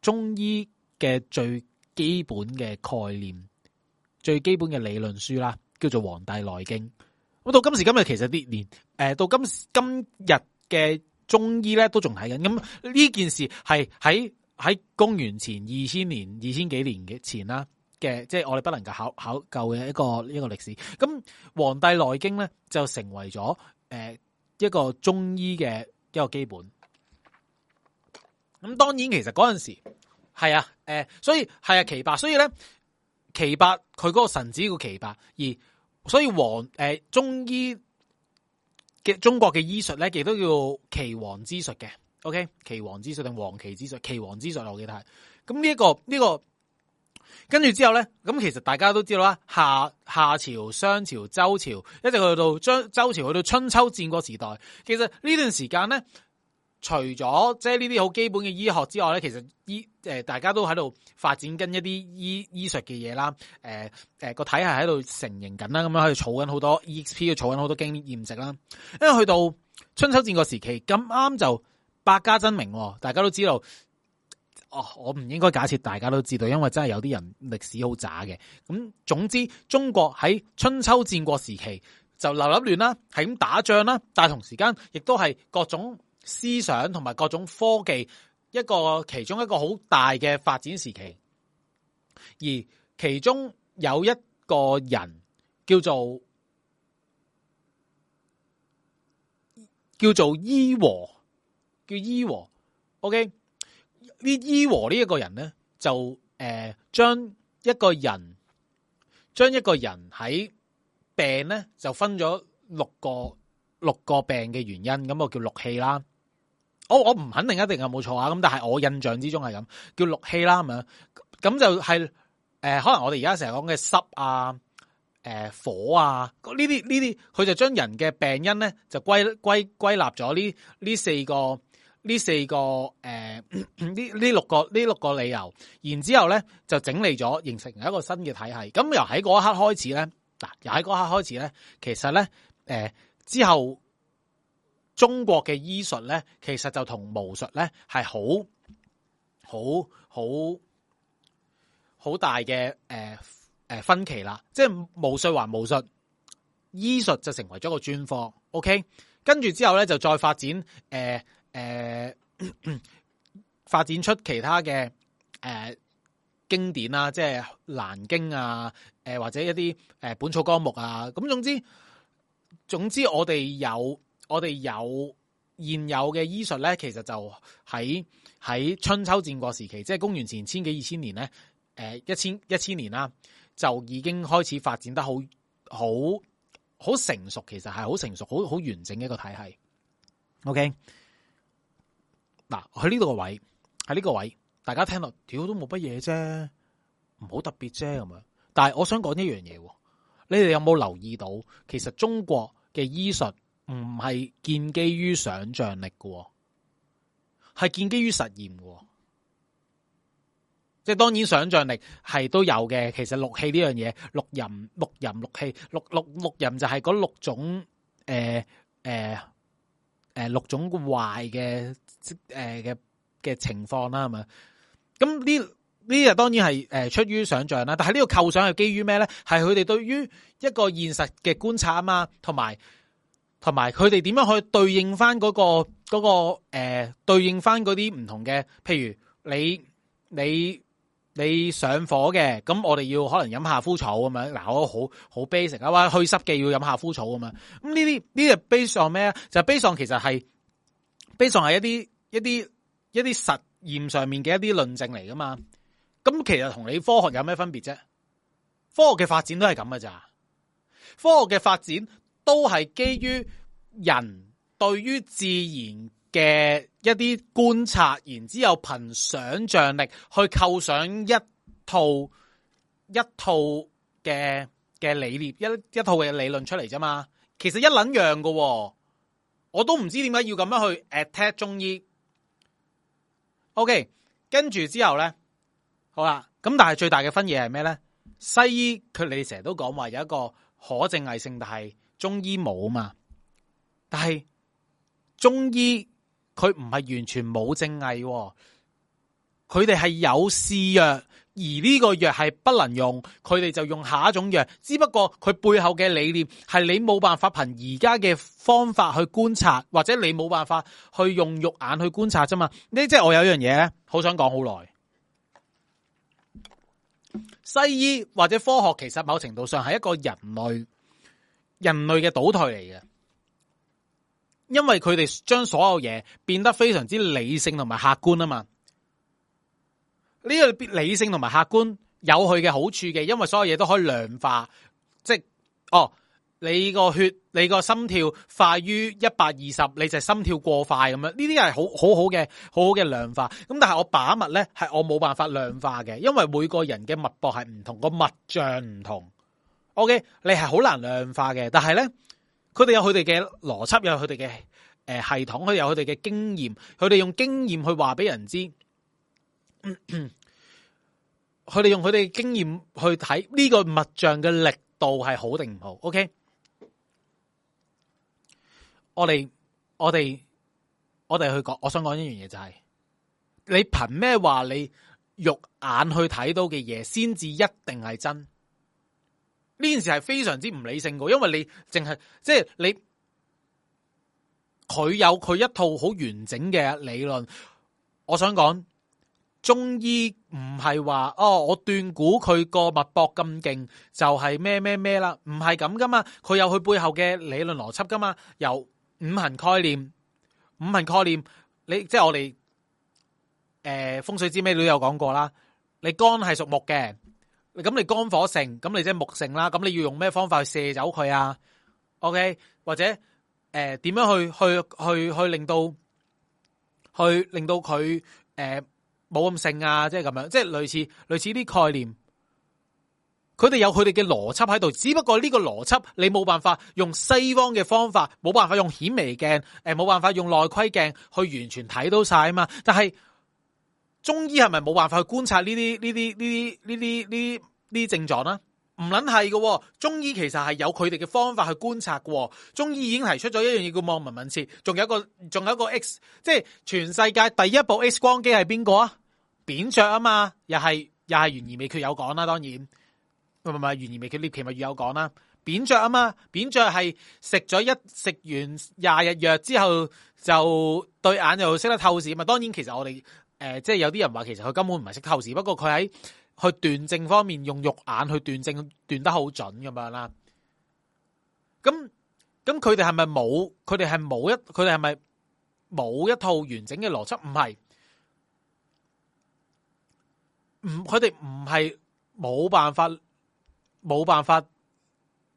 中醫嘅最基本嘅概念、最基本嘅理論書啦，叫做《黃帝內經》。咁到今時今日，其實啲連誒、呃、到今今日嘅中醫咧都仲睇緊。咁、嗯、呢件事係喺喺公元前二千年、二千幾年嘅前啦嘅，即係、就是、我哋不能夠考考,考究嘅一個一個歷史。咁、嗯《黃帝內經呢》咧就成為咗誒、呃、一個中醫嘅一個基本。咁當然，其實嗰陣時係啊，誒、呃，所以係啊，奇白，所以咧，奇白佢嗰個臣子叫奇白，而所以黃誒、呃、中醫嘅中國嘅醫術咧，亦都叫「奇王之術嘅。OK，奇王之術定黃奇之術？奇王之術我記得。咁呢一個呢、呢個跟住之後咧，咁其實大家都知道啦，夏夏朝、商朝、周朝一直去到將周朝去到春秋戰國時代，其實呢段時間咧。除咗即係呢啲好基本嘅醫學之外咧，其實醫、呃、大家都喺度發展緊一啲醫醫術嘅嘢啦。誒、呃、誒個體係喺度成型緊啦，咁樣喺度儲緊好多 exp，嘅儲緊好多經驗值啦。因為去到春秋戰國時期咁啱就百家爭鳴，大家都知道哦。我唔應該假設大家都知道，因為真係有啲人歷史好渣嘅。咁總之，中國喺春秋戰國時期就流流亂啦，係咁打仗啦，但同時間亦都係各種。思想同埋各種科技一個，其中一個好大嘅發展時期，而其中有一個人叫做叫做醫和，叫醫和。O K. 呢醫和呢一個人咧，就誒、呃、將一個人將一個人喺病咧，就分咗六個六個病嘅原因，咁我叫六氣啦。Oh, 我我唔肯定一定係冇錯啊，咁但係我印象之中係咁，叫六氣啦咁樣，咁就係、是、誒、呃，可能我哋而家成日講嘅濕啊，誒、呃、火啊，呢啲呢啲，佢就將人嘅病因咧，就歸歸歸納咗呢呢四個呢四個誒呢呢六個呢六個理由，然之後咧就整理咗，形成一個新嘅體系。咁由喺嗰一刻開始咧，嗱、呃，由喺嗰一刻開始咧，其實咧，誒、呃、之後。中國嘅醫術咧，其實就同巫術咧係好，好，好好大嘅誒誒分歧啦。即係巫術還巫術，醫術就成為咗個專科。OK，跟住之後咧就再發展誒誒、呃呃，發展出其他嘅誒、呃、經典啦，即係《難經》啊，誒或者一啲誒本草綱目啊。咁總之，總之我哋有。我哋有現有嘅醫術咧，其實就喺喺春秋戰國時期，即係公元前千幾二千年咧，誒一千一千年啦，就已經開始發展得好好好成熟，其實係好成熟，好好完整嘅一個體系。OK，嗱喺呢度個位喺呢個位，大家聽落，屌都冇乜嘢啫，唔好特別啫咁樣。但係我想講一樣嘢，你哋有冇留意到，其實中國嘅醫術？唔係建基於想象力嘅，係建基於實驗嘅。即係當然想象力係都有嘅。其實六氣呢樣嘢，六淫、六淫、六氣、六六六淫就係嗰六種誒誒誒六種壞嘅誒嘅嘅情況啦，係咪？咁呢呢就當然係誒出於想象啦。但係呢個構想係基於咩咧？係佢哋對於一個現實嘅觀察啊嘛，同埋。同埋佢哋點樣去對應翻嗰個嗰個誒對應翻嗰啲唔同嘅，譬如你你你上火嘅，咁我哋要可能飲下枯草咁樣，嗱我好好 basic 啊，話去濕嘅要飲下枯草咁樣。咁呢啲呢啲 basic 咩啊？就 basic 其實係 basic 係一啲一啲一啲實驗上面嘅一啲論證嚟噶嘛，咁其實同你科學有咩分別啫？科學嘅發展都係咁噶咋？科學嘅發展。都係基於人對於自然嘅一啲觀察，然之後憑想象力去構想一套一套嘅嘅理念一一套嘅理論出嚟啫嘛。其實一捻樣噶，我都唔知點解要咁樣去 attack 中醫。OK，跟住之後咧，好啦。咁但係最大嘅分野係咩咧？西醫佢哋成日都講話有一個可證偽性，但係。中醫冇嘛，但係中醫佢唔係完全冇正喎。佢哋係有試藥，而呢個藥係不能用，佢哋就用下一種藥。只不過佢背後嘅理念係你冇辦法憑而家嘅方法去觀察，或者你冇辦法去用肉眼去觀察啫嘛。呢即係我有一樣嘢好想講好耐，西醫或者科學其實某程度上係一個人類。人類嘅倒退嚟嘅，因為佢哋將所有嘢變得非常之理性同埋客觀啊嘛。呢個理性同埋客觀有佢嘅好處嘅，因為所有嘢都可以量化即。即哦，你個血你個心跳快於一百二十，你就係心跳過快咁樣。呢啲係好好好嘅，好好嘅量化。咁但係我把脈咧，係我冇辦法量化嘅，因為每個人嘅脈搏係唔同，個脈象唔同。OK，你係好難量化嘅，但係咧，佢哋有佢哋嘅邏輯，有佢哋嘅誒系統，佢哋有佢哋嘅經驗，佢哋用經驗去話俾人知，佢、嗯、哋、嗯、用佢哋嘅經驗去睇呢個物像嘅力度係好定唔好？OK，我哋我哋我哋去講，我想講一樣嘢就係、是，你憑咩話你肉眼去睇到嘅嘢先至一定係真？呢件事係非常之唔理性噶，因為你淨係即係你佢有佢一套好完整嘅理論。我想講中醫唔係話哦，我斷估佢個脈搏咁勁就係咩咩咩啦，唔係咁噶嘛。佢有佢背後嘅理論邏輯噶嘛，由五行概念，五行概念，你即係我哋誒、呃、風水之咩都有講過啦。你肝係屬木嘅。咁你肝火盛，咁你即係木盛啦。咁你要用咩方法去瀉走佢啊？OK，或者誒，點樣去去去去令到去令到佢誒冇咁盛啊？即係咁樣，即係類似類似啲概念。佢哋有佢哋嘅邏輯喺度，只不過呢個邏輯你冇辦法用西方嘅方法，冇辦法用顯微鏡，誒，冇辦法用內窺鏡去完全睇到晒啊嘛。但係中醫係咪冇辦法去觀察呢啲呢啲呢啲呢啲呢？呢啲症狀啦、啊，唔捻係嘅。中醫其實係有佢哋嘅方法去觀察嘅、哦。中醫已經提出咗一樣嘢叫望聞問切，仲有一個仲有一個 X，即係全世界第一部 X 光機係邊個啊？扁鵲啊嘛，又係又係懸而未決有講啦、啊，當然唔唔唔，懸、嗯、而未決呢期咪有講啦、啊。扁鵲啊嘛，扁鵲係食咗一食完廿日藥之後就對眼又識得透視，咪當然其實我哋誒、呃，即係有啲人話其實佢根本唔係識透視，不過佢喺。去斷症方面用肉眼去斷症斷得好準咁樣啦，咁咁佢哋係咪冇？佢哋係冇一，佢哋係咪冇一套完整嘅邏輯？唔係，唔佢哋唔係冇辦法，冇辦法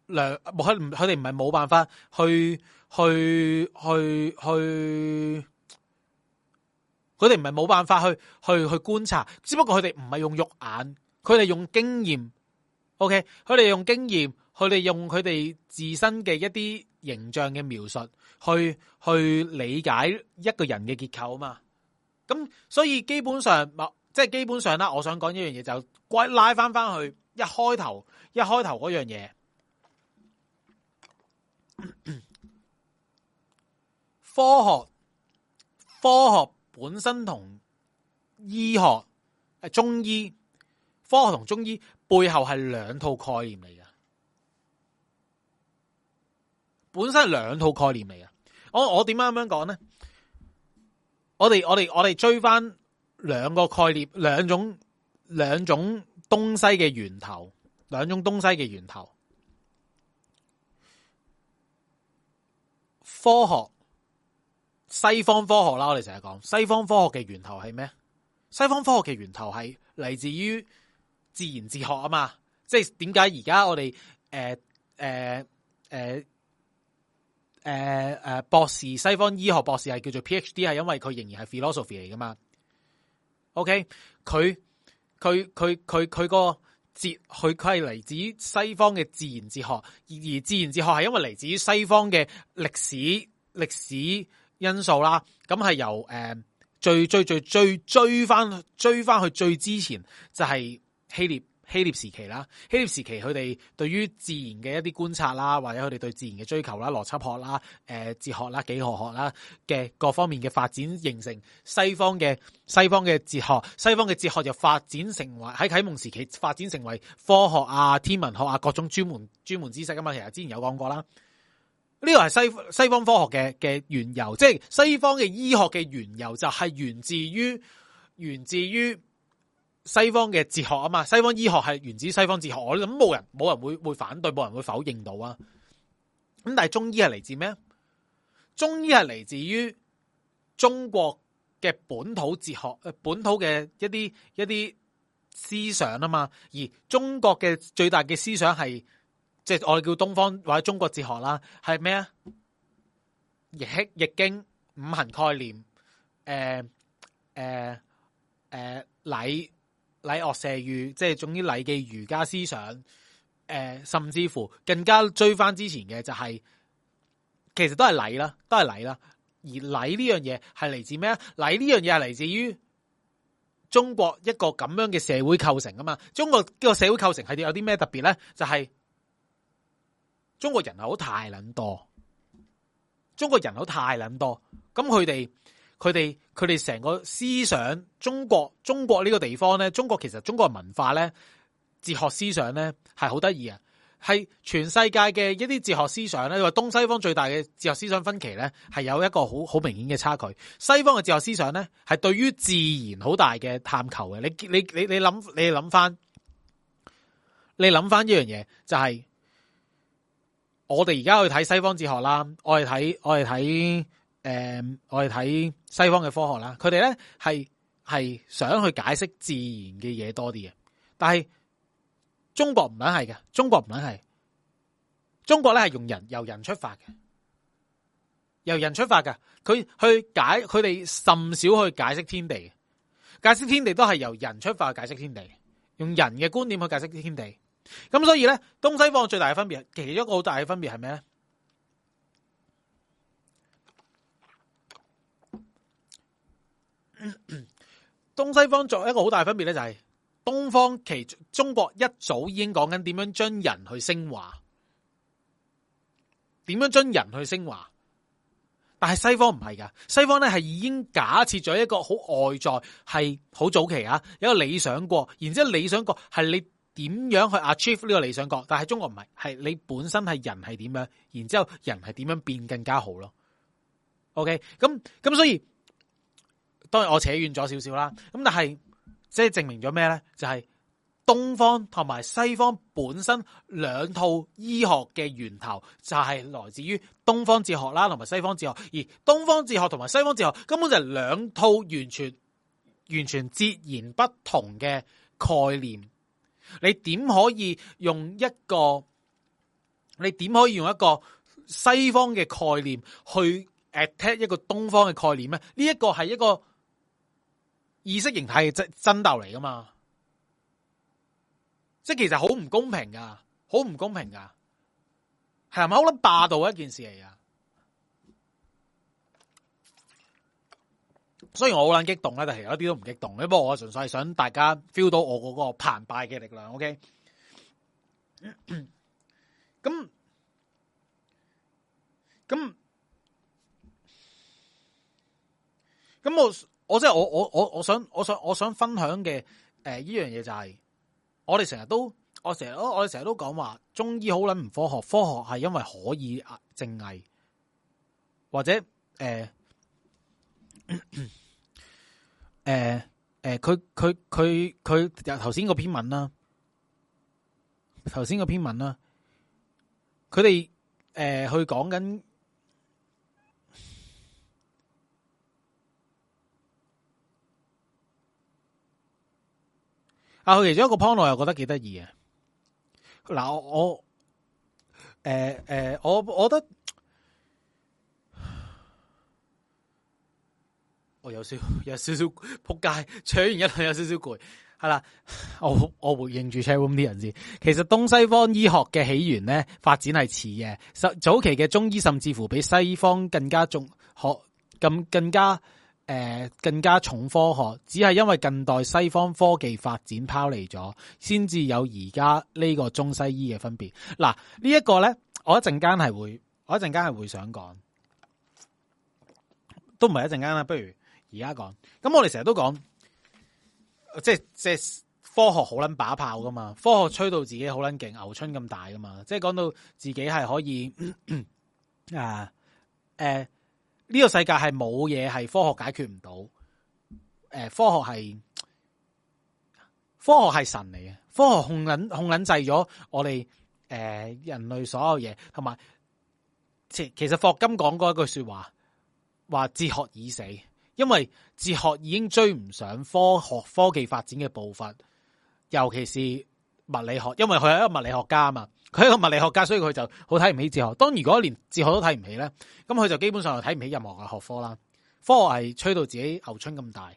量，佢佢哋唔係冇辦法去去去去。佢哋唔係冇辦法去去去觀察，只不過佢哋唔係用肉眼，佢哋用經驗，OK，佢哋用經驗，佢哋用佢哋自身嘅一啲形象嘅描述去去理解一個人嘅結構啊嘛。咁所以基本上，即係基本上啦，我想講一樣嘢就歸拉翻翻去一開頭一開頭嗰樣嘢，科學科學。本身同醫學、誒中醫、科學同中醫背後係兩套概念嚟嘅，本身係兩套概念嚟嘅。我我點解咁樣講咧？我哋我哋我哋追翻兩個概念、兩種兩種東西嘅源頭、兩種東西嘅源頭，科學。西方科學啦，我哋成日講西方科學嘅源頭係咩？西方科學嘅源頭係嚟自於自然哲學啊嘛。即係點解而家我哋誒誒誒誒誒博士西方醫學博士係叫做 PhD，係因為佢仍然係 philosophy 嚟噶嘛。OK，佢佢佢佢佢個哲佢佢係嚟自於西方嘅自然哲學，而自然哲學係因為嚟自於西方嘅歷史歷史。歷史因素啦，咁係由誒、嗯、最最最最追返追返去最之前就，就係希臘希臘時期啦。希臘時期佢哋對於自然嘅一啲觀察啦，或者佢哋對自然嘅追求啦，邏輯學啦、誒、嗯、哲學啦、幾何學啦嘅各方面嘅發展，形成西方嘅西方嘅哲學，西方嘅哲學就發展成為喺啟蒙時期發展成為科學啊、天文學啊各種專門專門知識㗎嘛。其實之前有講過啦。呢個係西西方科學嘅嘅原由，即係西方嘅醫學嘅原由就係源自於源自於西方嘅哲學啊嘛，西方醫學係源自西方哲學，我諗冇人冇人會會反對，冇人會否認到啊。咁但係中醫係嚟自咩？中醫係嚟自於中國嘅本土哲學，本土嘅一啲一啲思想啊嘛，而中國嘅最大嘅思想係。即係我哋叫東方或者中國哲學啦，係咩啊？《易易經》五行概念，誒誒誒禮禮樂射御，即、呃、係、呃就是、總之禮嘅儒家思想，誒、呃、甚至乎更加追翻之前嘅就係、是，其實都係禮啦，都係禮啦。而禮呢樣嘢係嚟自咩啊？禮呢樣嘢係嚟自於中國一個咁樣嘅社會構成噶嘛？中國個社會構成係有啲咩特別咧？就係、是。中國人口太捻多，中國人口太捻多，咁佢哋佢哋佢哋成個思想，中國中國呢個地方咧，中國其實中國文化咧，哲學思想咧係好得意啊，係全世界嘅一啲哲學思想咧，你話東西方最大嘅哲學思想分歧咧，係有一個好好明顯嘅差距。西方嘅哲學思想咧係對於自然好大嘅探求嘅，你你你你諗你諗翻，你諗翻一樣嘢就係、是。我哋而家去睇西方哲學啦，我哋睇我哋睇誒，我哋睇、呃、西方嘅科學啦，佢哋咧係係想去解釋自然嘅嘢多啲嘅，但係中國唔卵係嘅，中國唔卵係，中國咧係用人由人出發嘅，由人出發嘅，佢去解，佢哋甚少去解釋天地嘅，解釋天地都係由人出發去解釋天地，用人嘅觀點去解釋天地。咁所以咧，東西方的最大嘅分別，其中一個好大嘅分別係咩咧？東西方作為一個好大嘅分別咧，就是，就係東方其中中國一早已經講緊點樣將人去升華，點樣將人去升華？但係西方唔係㗎，西方咧係已經假設咗一個好外在，係好早期啊，有一個理想國，然之後理想國係你。點樣去 achieve 呢個理想國？但係中國唔係，係你本身係人係點樣，然之後人係點樣變更加好咯。OK，咁咁所以，當然我扯遠咗少少啦。咁但係，即係證明咗咩？咧，就係東方同埋西方本身兩套醫學嘅源頭，就係來自於東方哲學啦，同埋西方哲學。而東方哲學同埋西方哲學根本就係兩套完全完全截然不同嘅概念。你點可以用一個？你點可以用一個西方嘅概念去 attack 一個東方嘅概念咧？呢、這、一個係一個意識形態嘅爭爭鬥嚟噶嘛？即係其實好唔公平㗎，好唔公平㗎，係咪好咁霸道的一件事嚟㗎。雖然我好撚激動咧，但係其實一啲都唔激動，不過我純粹係想大家 feel 到我嗰個澎湃嘅力量。OK，咁咁咁，我我即係我我我我想我想我想分享嘅誒呢樣嘢就係、是，我哋成日都我成日我都我哋成日都講話中醫好撚唔科學，科學係因為可以啊證偽或者誒。呃 誒誒，佢佢佢佢就頭先個篇文啦，頭先個篇文啦，佢哋誒去講緊啊，佢其中一個 point 我又覺得幾得意啊，嗱我誒誒，我、呃呃、我，我覺得。我有少有少少撲街，唱完一路有少少攰，係啦。我我，我回應住 Chef M 啲人先。其實東西方醫學嘅起源呢，發展係遲嘅。早期嘅中醫甚至乎比西方更加重學，咁更，更加誒、呃、更加重科學。只係因為近代西方科技發展拋離咗，先至有而家呢個中西醫嘅分別。嗱，呢一個呢，我一陣間係會，我一陣間係會想講，都唔係一陣間啦，不如。而家講，咁我哋成日都講，即係即係科學好捻把炮噶嘛，科學吹到自己好捻勁，牛春咁大噶嘛，即係講到自己係可以啊，誒、啊、呢、這個世界係冇嘢係科學解決唔到，誒科學係科學係神嚟嘅，科學控捻控捻制咗我哋誒、啊、人類所有嘢，同埋其其實霍金講過一句說話，話哲學已死。因為哲學已經追唔上科學科技發展嘅步伐，尤其是物理學，因為佢係一個物理學家啊嘛，佢係一個物理學家，所以佢就好睇唔起哲學。當如果連哲學都睇唔起咧，咁佢就基本上就睇唔起任何嘅學科啦。科學係吹到自己牛春咁大，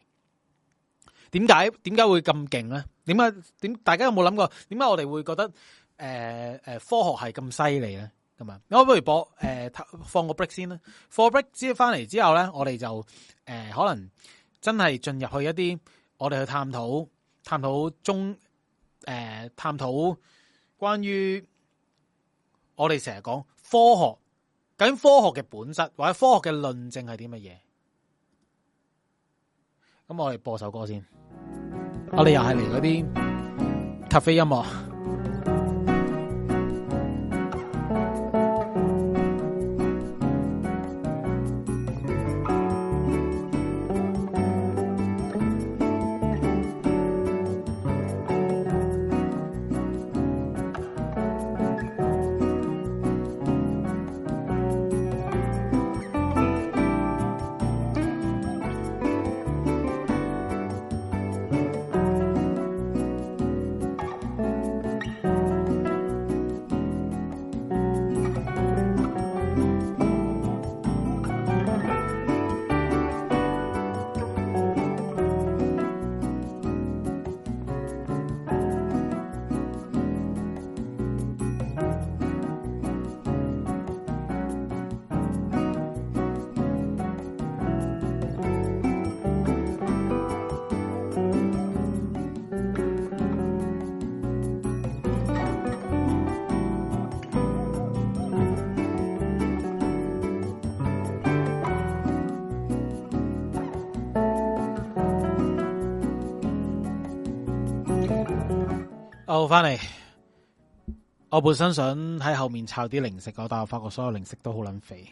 點解點解會咁勁咧？點解點？大家有冇諗過？點解我哋會覺得誒誒、呃、科學係咁犀利咧？咁啊！我不如播、呃、放個 break 先啦。放 break 之後翻嚟之後咧，我哋就、呃、可能真係進入去一啲我哋去探討、探討中、呃、探討關於我哋成日講科學，究竟科學嘅本質或者科學嘅論證係啲乜嘢？咁我哋播首歌先。 我哋又係嚟嗰啲咖啡音樂。翻嚟，我本身想喺後面炒啲零食，我但我發覺所有零食都好捻肥，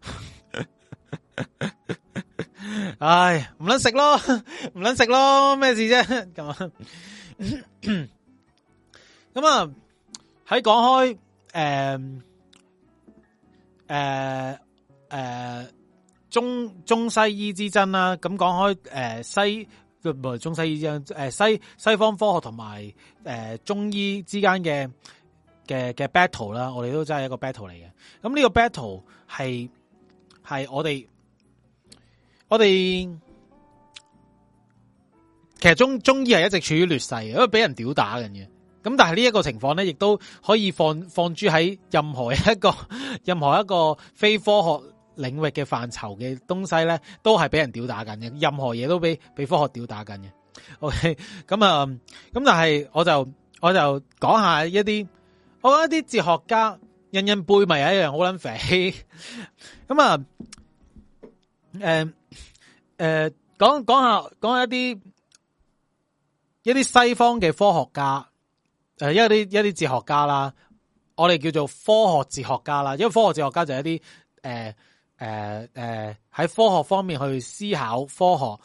唉，唔捻食咯，唔捻食咯，咩事啫咁？咁 啊，喺講開誒誒誒中中西醫之爭啦、啊，咁講開誒、呃、西。中西醫之間，誒西西方科學同埋誒中醫之間嘅嘅嘅 battle 啦，我哋都真係一個 battle 嚟嘅。咁呢個 battle 係係我哋我哋其實中中醫係一直處於劣勢嘅，因為俾人屌打緊嘅。咁但係呢一個情況咧，亦都可以放放諸喺任何一個任何一個非科學領域嘅範疇嘅東西咧，都係俾人吊打緊嘅。任何嘢都俾俾科學吊打緊嘅。OK，咁、嗯、啊，咁、嗯、但係我就我就講下一啲，我覺得啲哲學家印印背咪一樣好捻肥。咁 啊、嗯，誒、嗯、誒、嗯，講講下講一啲一啲西方嘅科學家，誒一啲一啲哲學家啦，我哋叫做科學哲學家啦，因為科學哲學家就係一啲誒。呃誒誒，喺、呃呃、科學方面去思考科學，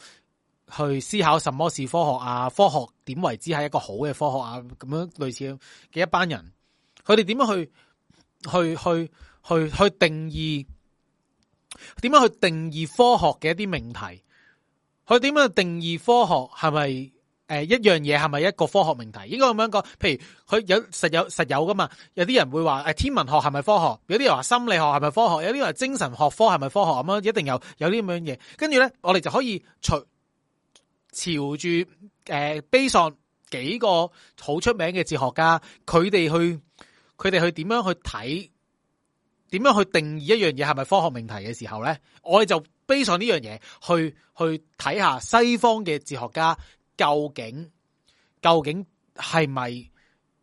去思考什麼是科學啊？科學點為之係一個好嘅科學啊？咁樣類似嘅一班人，佢哋點樣去去去去去定義？點樣去定義科學嘅一啲命題？佢點樣去定義科學係咪？誒、呃，一樣嘢係咪一個科學命題？應該咁樣講，譬如佢有實有實有噶嘛？有啲人會話誒，天文學係咪科學？有啲人話心理學係咪科學？有啲人話精神學科係咪科學？咁、嗯、樣一定有有咁樣嘢。跟住咧，我哋就可以隨朝住誒，based on、呃、幾個好出名嘅哲學家，佢哋去佢哋去點樣去睇，點樣去定義一樣嘢係咪科學命題嘅時候咧，我哋就 based on 呢樣嘢去去睇下西方嘅哲學家。究竟究竟係咪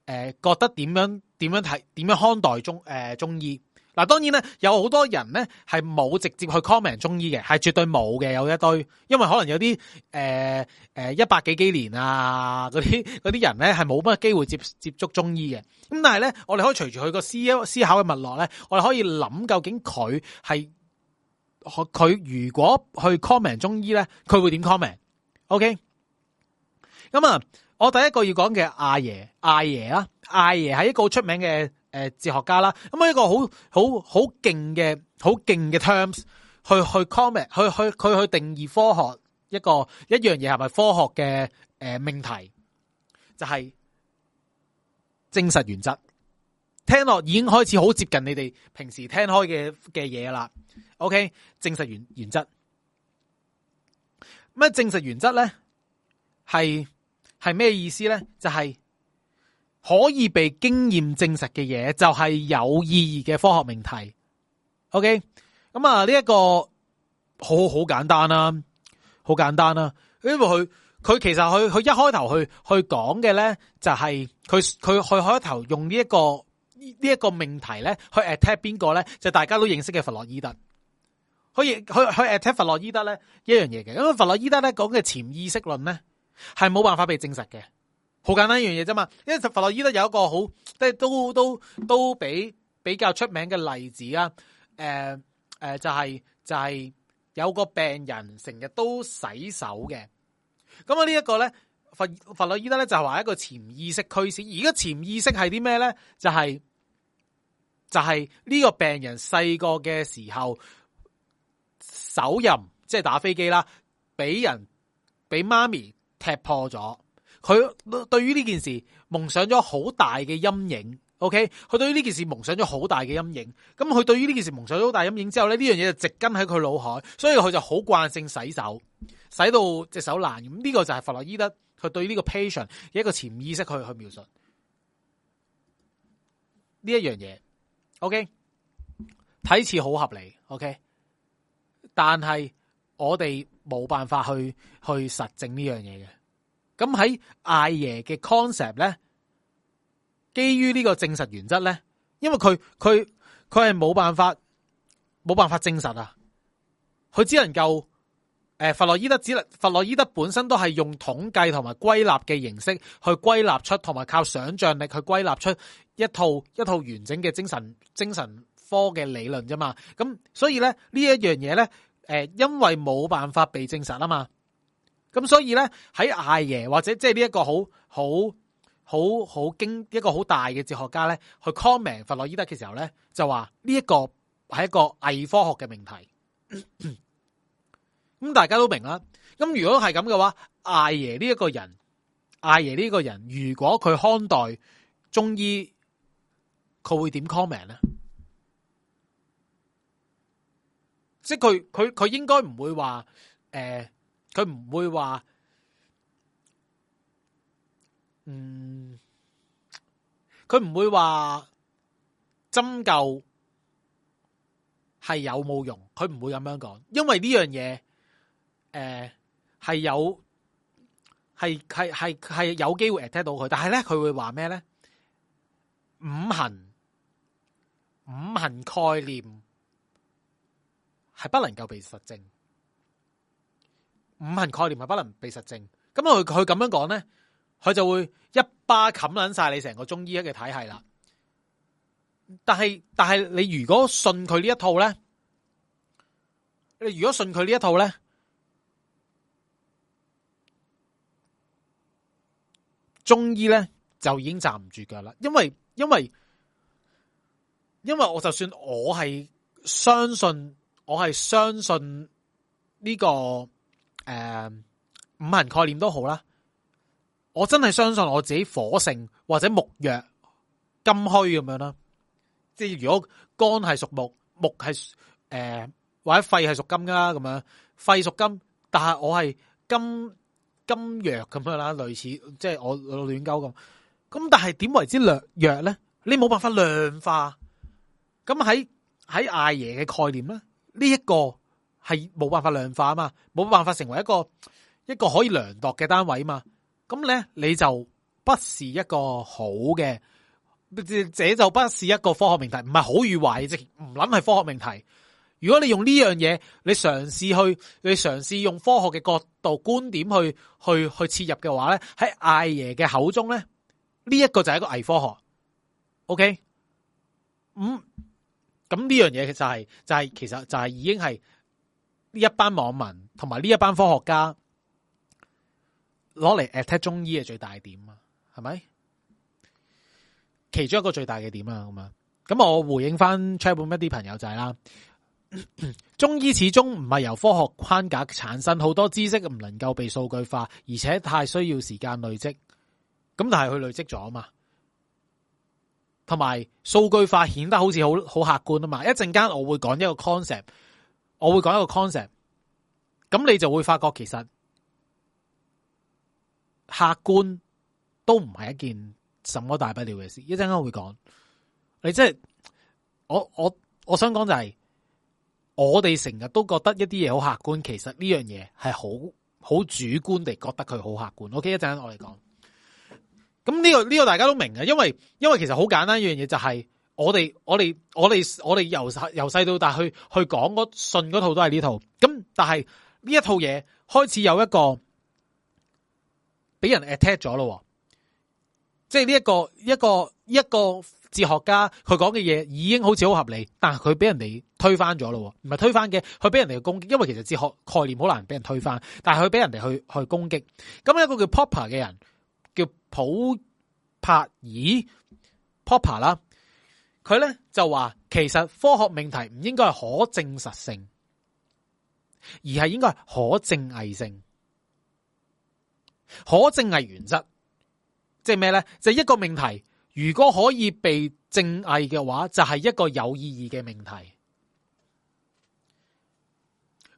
誒？覺得點樣點樣睇點樣看待中誒、呃、中醫嗱？當然咧，有好多人咧係冇直接去 comment 中醫嘅，係絕對冇嘅。有一堆，因為可能有啲誒誒一百幾幾年啊啲啲人咧係冇乜機會接接觸中醫嘅。咁但係咧，我哋可以隨住佢個思思考嘅脈絡咧，我哋可以諗究竟佢係佢如果去 comment 中醫咧，佢會點 comment？OK。OK？咁啊，我第一個要講嘅阿爺，阿爺啦、啊，阿爺係一個出名嘅誒哲學家啦。咁啊，一個好好好勁嘅好勁嘅 terms 去去 comment，去去去去定義科學一個一樣嘢係咪科學嘅誒命題，就係、是、證實原則。聽落已經開始好接近你哋平時聽開嘅嘅嘢啦。OK，證實原原則。咩證實原則咧？係。係咩意思咧？就係、是、可以被經驗證實嘅嘢，就係有意義嘅科學命題。OK，咁啊呢一個好好簡單啦，好簡單啦、啊啊。因為佢佢其實佢佢一開頭去講的開、這個這個、呢去講嘅咧，就係佢佢佢開頭用呢一個呢一個命題咧去 attack 邊個咧，就大家都認識嘅弗洛伊德。可以去去 attack 弗洛伊德咧一樣嘢嘅，因為弗洛伊德咧講嘅潛意識論咧。係冇辦法被證實嘅，好簡單一樣嘢啫嘛。因為佛洛伊德有一個好即係都都都比比較出名嘅例子啦。誒、呃、誒、呃、就係、是、就係、是、有個病人成日都洗手嘅。咁啊呢一個咧佛佛洛伊德咧就話、是、一個潛意識驅使。而家潛意識係啲咩咧？就係、是、就係、是、呢個病人細個嘅時候手淫即係打飛機啦，俾人俾媽咪，踢破咗，佢對於呢件事蒙上咗好大嘅陰影。OK，佢對於呢件事蒙上咗好大嘅陰影。咁佢對於呢件事蒙上咗好大陰影之後咧，呢樣嘢就植根喺佢腦海，所以佢就好慣性洗手，洗到隻手爛。咁、這、呢個就係弗洛伊德佢對呢個 patient 嘅一個潛意識去去描述呢一樣嘢。OK，睇似好合理。OK，但係我哋。冇辦法去去實證呢樣嘢嘅，咁喺艾爺嘅 concept 咧，基於呢個證實原則咧，因為佢佢佢係冇辦法冇辦法證實啊，佢只能夠誒，弗洛伊德只能弗洛伊德本身都係用統計同埋歸納嘅形式去歸納出同埋靠想象力去歸納出一套一套完整嘅精神精神科嘅理論啫嘛，咁所以咧呢一樣嘢咧。誒，因為冇辦法被證實啊嘛，咁所以咧喺艾爺或者即係呢一個好好好好經一個好大嘅哲學家咧，去 comment 佛洛伊德嘅時候咧，就話呢一個係一個偽科學嘅命題。咁 大家都明啦。咁如果係咁嘅話，艾爺呢一個人，艾爺呢個人，如果佢看待中醫，佢會點 comment 咧？即係佢佢佢應該唔會話誒，佢、呃、唔會話，嗯，佢唔會話針灸係有冇用，佢唔會咁樣講，因為呢樣嘢誒係有係係係係有機會聽到佢，但係咧佢會話咩咧？五行五行概念。係不能夠被實證，五行概念係不能被實證。咁佢佢咁樣講咧，佢就會一巴冚捻晒你成個中醫嘅體系啦。但係但係你如果信佢呢一套咧，你如果信佢呢一套咧，中醫咧就已經站唔住腳啦。因為因為因為我就算我係相信。我係相信呢、這個誒、呃、五行概念都好啦，我真係相信我自己火性或者木弱金虛咁樣啦。即係如果肝係屬木，木係誒、呃、或者肺係屬金噶啦，咁樣肺屬金，但係我係金金弱咁樣啦，類似即係我老亂噏咁。咁但係點為之略弱咧？你冇辦法量化。咁喺喺阿爺嘅概念咧？呢一個係冇辦法量化啊嘛，冇辦法成為一個一個可以量度嘅單位嘛。咁咧你就不是一個好嘅，這就不是一個科學命題，唔係好與壞，即唔諗係科學命題。如果你用呢樣嘢，你嘗試去，你嘗試用科學嘅角度、觀點去去去切入嘅話咧，喺艾爺嘅口中咧，呢一個就係一個偽科學。OK，嗯。咁呢樣嘢其實係就係、是就是、其實就係已經係呢一班網民同埋呢一班科學家攞嚟 attack 中醫嘅最大點啊，係咪？其中一個最大嘅點啊，咁咁我回應翻 Chapman 一啲朋友就係、是、啦，中醫始終唔係由科學框架產生，好多知識唔能夠被數據化，而且太需要時間累積。咁但係佢累積咗啊嘛。同埋數據化顯得好似好好客觀啊嘛！一陣間我會講一個 concept，我會講一個 concept，咁你就會發覺其實客觀都唔係一件什麼大不了嘅事。一陣間會講，你即係我我我想講就係我哋成日都覺得一啲嘢好客觀。其實呢樣嘢係好好主觀地覺得佢好客觀。OK，一陣我嚟講。咁呢個呢個大家都明嘅，因為因為其實好簡單一樣嘢就係我哋我哋我哋我哋由由細到大去去講嗰信嗰套都係呢套，咁但係呢一套嘢開始有一個俾人 attack 咗咯，即係呢一個一個一個哲學家佢講嘅嘢已經好似好合理，但係佢俾人哋推翻咗咯，唔係推翻嘅，佢俾人哋攻擊，因為其實哲學概念好難俾人推翻，但係佢俾人哋去去攻擊，咁一個叫 Popper 嘅人。叫普柏爾 Popper 啦，佢咧就話，其實科學命題唔應該係可證實性，而係應該係可證偽性。可證偽原則即係咩咧？就是呢就是、一個命題，如果可以被證偽嘅話，就係、是、一個有意義嘅命題。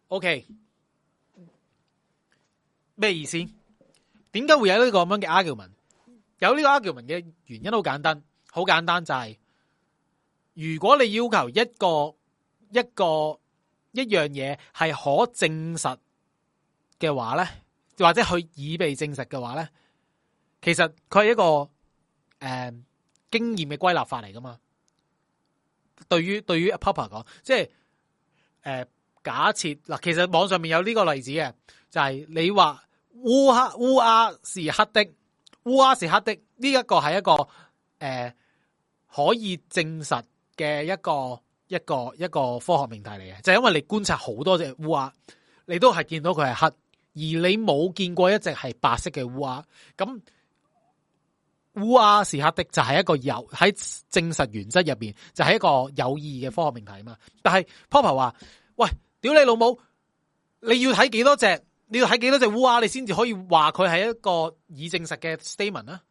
OK，咩意思？點解會有呢個咁樣嘅 argument？有呢個 argument 嘅原因好簡單，好簡單就係、是，如果你要求一個一個一樣嘢係可證實嘅話咧，或者佢已被證實嘅話咧，其實佢係一個誒、呃、經驗嘅歸納法嚟噶嘛？對於對於 Popper 講，即係誒、呃、假設嗱，其實網上面有呢個例子嘅，就係、是、你話。烏鴉烏鴉是黑的，烏鴉是黑的，呢、這個、一個係一個誒可以證實嘅一個一個一個科學命題嚟嘅，就係因為你觀察好多隻烏鴉，你都係見到佢係黑，而你冇見過一隻係白色嘅烏鴉，咁烏鴉是黑的就係一個有喺證實原則入邊就係一個有意義嘅科學命題嘛。但係 Popper 話：喂，屌你老母，你要睇幾多隻？你要睇幾多隻烏鴉，你先至可以話佢係一個已證實嘅 statement 啦。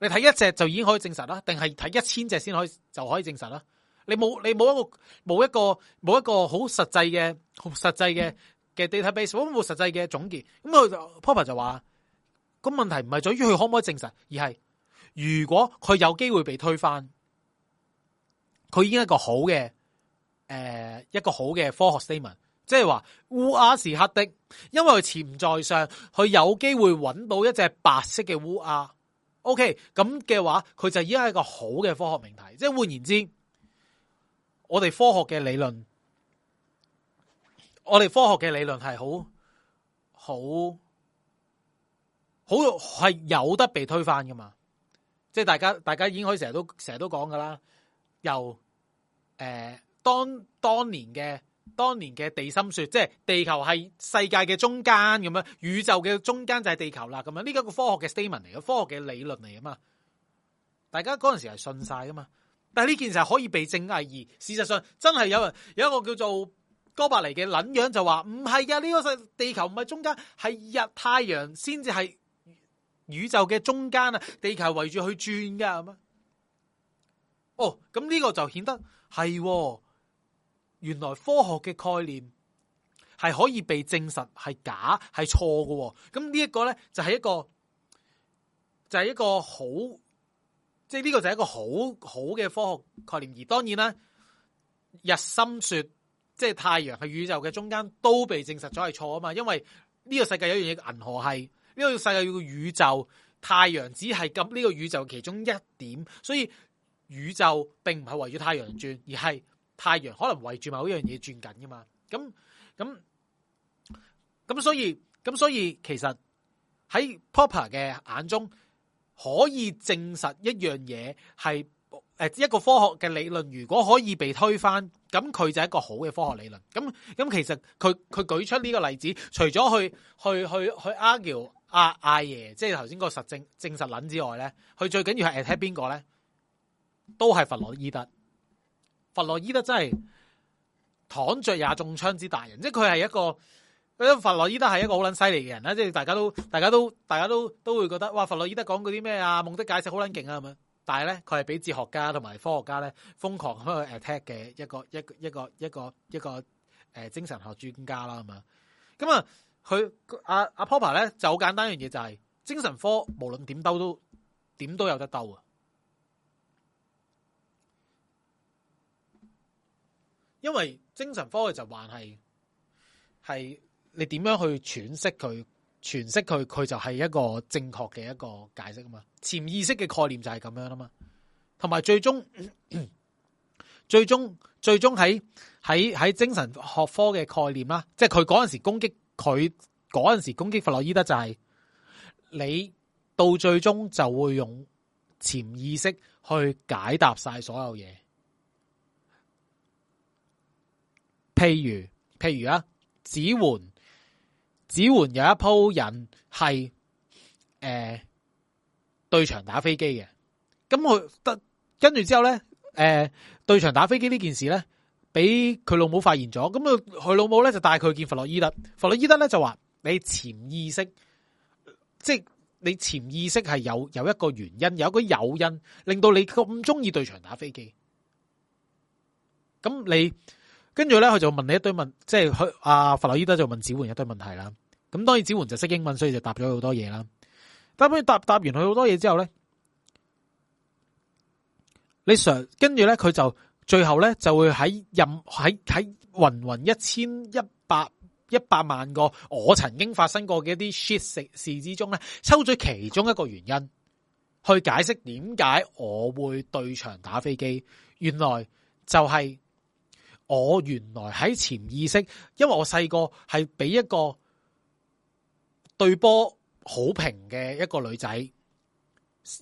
你睇一隻就已經可以證實啦，定係睇一千隻先可以就可以證實啦。你冇你冇一個冇一個冇一個好實際嘅好實際嘅嘅 database，冇實際嘅總結。咁佢就 Popper 就話，咁問題唔係在於佢可唔可以證實，而係如果佢有機會被推翻，佢已經一個好嘅誒、呃、一個好嘅科學 statement。即係話烏鴉是黑的，因為潛在上佢有機會揾到一隻白色嘅烏鴉。OK，咁嘅話佢就已經係一個好嘅科學命題。即係換言之，我哋科學嘅理論，我哋科學嘅理論係好好好係有得被推翻噶嘛？即係大家大家已經可以成日都成日都講噶啦。由誒、呃、當當年嘅。當年嘅地心說，即係地球係世界嘅中間咁樣，宇宙嘅中間就係地球啦。咁樣呢個係個科學嘅 statement 嚟嘅，科學嘅理論嚟啊嘛。大家嗰陣時係信晒噶嘛，但係呢件事係可以被證偽。事實上，真係有人有一個叫做哥白尼嘅撚樣，就話唔係噶，呢個世地球唔係中間，係日太陽先至係宇宙嘅中間啊。地球圍住佢轉噶咁啊。哦，咁呢個就顯得係。是原來科學嘅概念係可以被證實係假係錯嘅，咁呢、就是、一個咧就係一個就係一個好即係呢個就係一個很好好嘅科學概念。而當然啦，日心說即係太陽喺宇宙嘅中間都被證實咗係錯啊嘛，因為呢個，這個世界有一樣嘢銀河系，呢個世界要個宇宙太陽只係咁呢個宇宙其中一點，所以宇宙並唔係圍繞太陽轉，而係，太陽可能圍住某一樣嘢轉緊噶嘛？咁咁咁，所以咁所以，所以其實喺 Popper 嘅眼中，可以證實一樣嘢係誒一個科學嘅理論。如果可以被推翻，咁佢就係一個好嘅科學理論。咁咁，其實佢佢舉出呢個例子，除咗去去去去 argue 啊嗌即係頭先個實證證實論之外咧，佢最緊要係 attack 邊個咧，都係弗洛伊德。弗洛伊德真係躺着也中槍之大人，即係佢係一個，弗洛伊德係一個好捻犀利嘅人啦。即係大家都，大家都，大家都都會覺得，哇！弗洛伊德講嗰啲咩啊？夢的解釋好捻勁啊咁樣。但係咧，佢係俾哲學家同埋科學家咧瘋狂去 attack 嘅一個，一個，一個，一個，一個誒、呃、精神學專家啦咁樣。咁啊，佢阿阿 popa 咧就好簡單一樣嘢就係、是、精神科無論點兜都點都有得兜啊！因為精神科嘅，就還係係你點樣去詮釋佢，詮釋佢，佢就係一個正確嘅一個解釋啊嘛。潛意識嘅概念就係咁樣啦嘛，同埋最終咳，咳，最終最終喺喺喺精神學科嘅概念啦，即係佢陣時攻擊佢陣時攻擊弗洛伊德就係、是、你到最終就會用潛意識去解答晒所有嘢。譬如譬如啊，指援指援有一鋪人係誒、呃、對場打飛機嘅，咁佢得跟住之後咧，誒、呃、對場打飛機呢件事咧，俾佢老母發現咗，咁佢老母咧就帶佢去見弗洛伊德，弗洛伊德咧就話你潛意識，即係你潛意識係有有一個原因，有一個誘因令到你咁中意對場打飛機，咁你。跟住咧，佢就問你一堆問，即係佢阿弗洛伊德就問指煥一堆問題啦。咁當然指煥就識英文，所以就答咗好多嘢啦。但係跟住答答，答完佢好多嘢之後咧，你上跟住咧，佢就最後咧就會喺任喺喺云云一千一百一百萬個我曾經發生過嘅一啲 shit 事事之中咧，抽咗其中一個原因去解釋點解我會對場打飛機。原來就係、是。我原來喺潛意識，因為我細個係俾一個對波好平嘅一個女仔，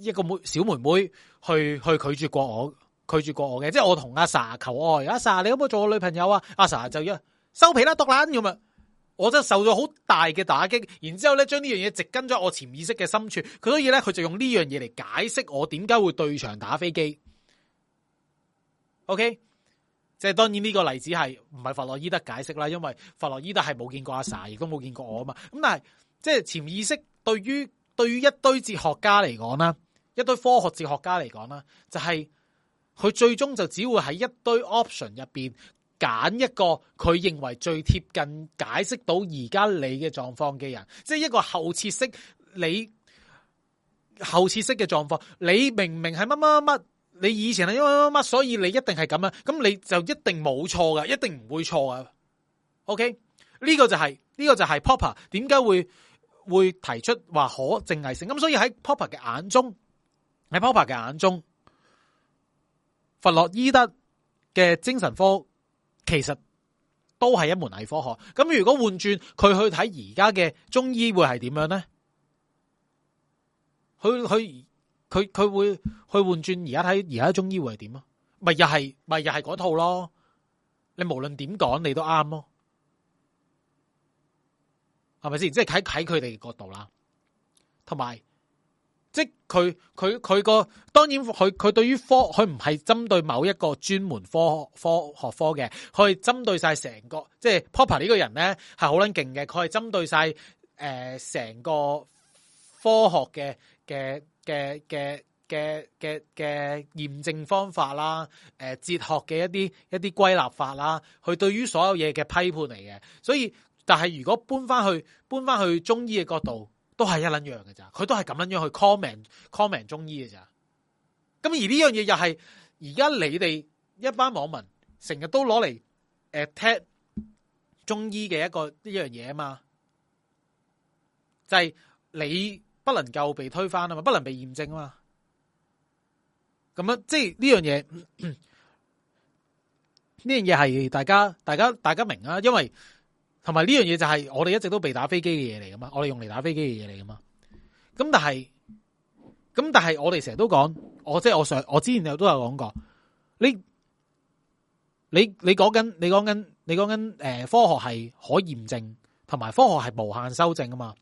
一個妹小妹妹去去拒絕過我，拒絕過我嘅，即係我同阿 Sa 求愛，阿 Sa、啊、你可唔可以做我女朋友啊？阿、啊、Sa 就要收皮啦，厾爛咁啊！我真係受咗好大嘅打擊，然之後咧將呢樣嘢直跟咗我潛意識嘅深處，佢所以咧佢就用呢樣嘢嚟解釋我點解會對場打飛機。OK。即係當然呢個例子係唔係弗洛伊德解釋啦，因為弗洛伊德係冇見過阿 Sir，亦都冇見過我啊嘛。咁但係即係潛意識對於對於一堆哲學家嚟講啦，一堆科學哲學家嚟講啦，就係、是、佢最終就只會喺一堆 option 入邊揀一個佢認為最貼近解釋到而家你嘅狀況嘅人，即係一個後設式你後設式嘅狀況，你明明係乜乜乜。你以前係因為乜乜乜，所以你一定係咁樣，咁你就一定冇錯㗎，一定唔會錯㗎。OK，呢個就係、是、呢、這個就係 Popper 點解會會提出話可證偽性？咁所以喺 Popper 嘅眼中，喺 Popper 嘅眼中，弗洛伊德嘅精神科其實都係一門偽科學。咁如果換轉佢去睇而家嘅中醫會係點樣呢？去去。佢佢會去換轉而家睇而家中醫會係點啊？咪又係咪又係嗰套咯？你無論點講你都啱咯，係咪先？即係喺喺佢哋嘅角度啦，同埋即係佢佢佢個，當然佢佢對於科，佢唔係針對某一個專門科學科學科嘅，佢針對晒成個即係 Popper 呢個人咧係好捻勁嘅，佢係針對晒誒成個科學嘅嘅。嘅嘅嘅嘅嘅驗證方法啦，誒哲學嘅一啲一啲歸納法啦，佢對於所有嘢嘅批判嚟嘅，所以但係如果搬翻去搬翻去中醫嘅角度，都係一撚樣嘅咋，佢都係咁撚樣去 comment comment 中醫嘅咋，咁而呢樣嘢又係而家你哋一班網民成日都攞嚟誒 attack 中醫嘅一個一樣嘢啊嘛，就係你。不能夠被推翻啊嘛，不能被驗證啊嘛。咁樣即係呢樣嘢，呢樣嘢係大家大家大家明啊。因為同埋呢樣嘢就係我哋一直都被打飛機嘅嘢嚟噶嘛，我哋用嚟打飛機嘅嘢嚟噶嘛。咁但係，咁但係我哋成日都講，我即係我上我之前都有講過，你你你講緊你講緊你講緊誒科學係可驗證，同埋科學係無限修正啊嘛。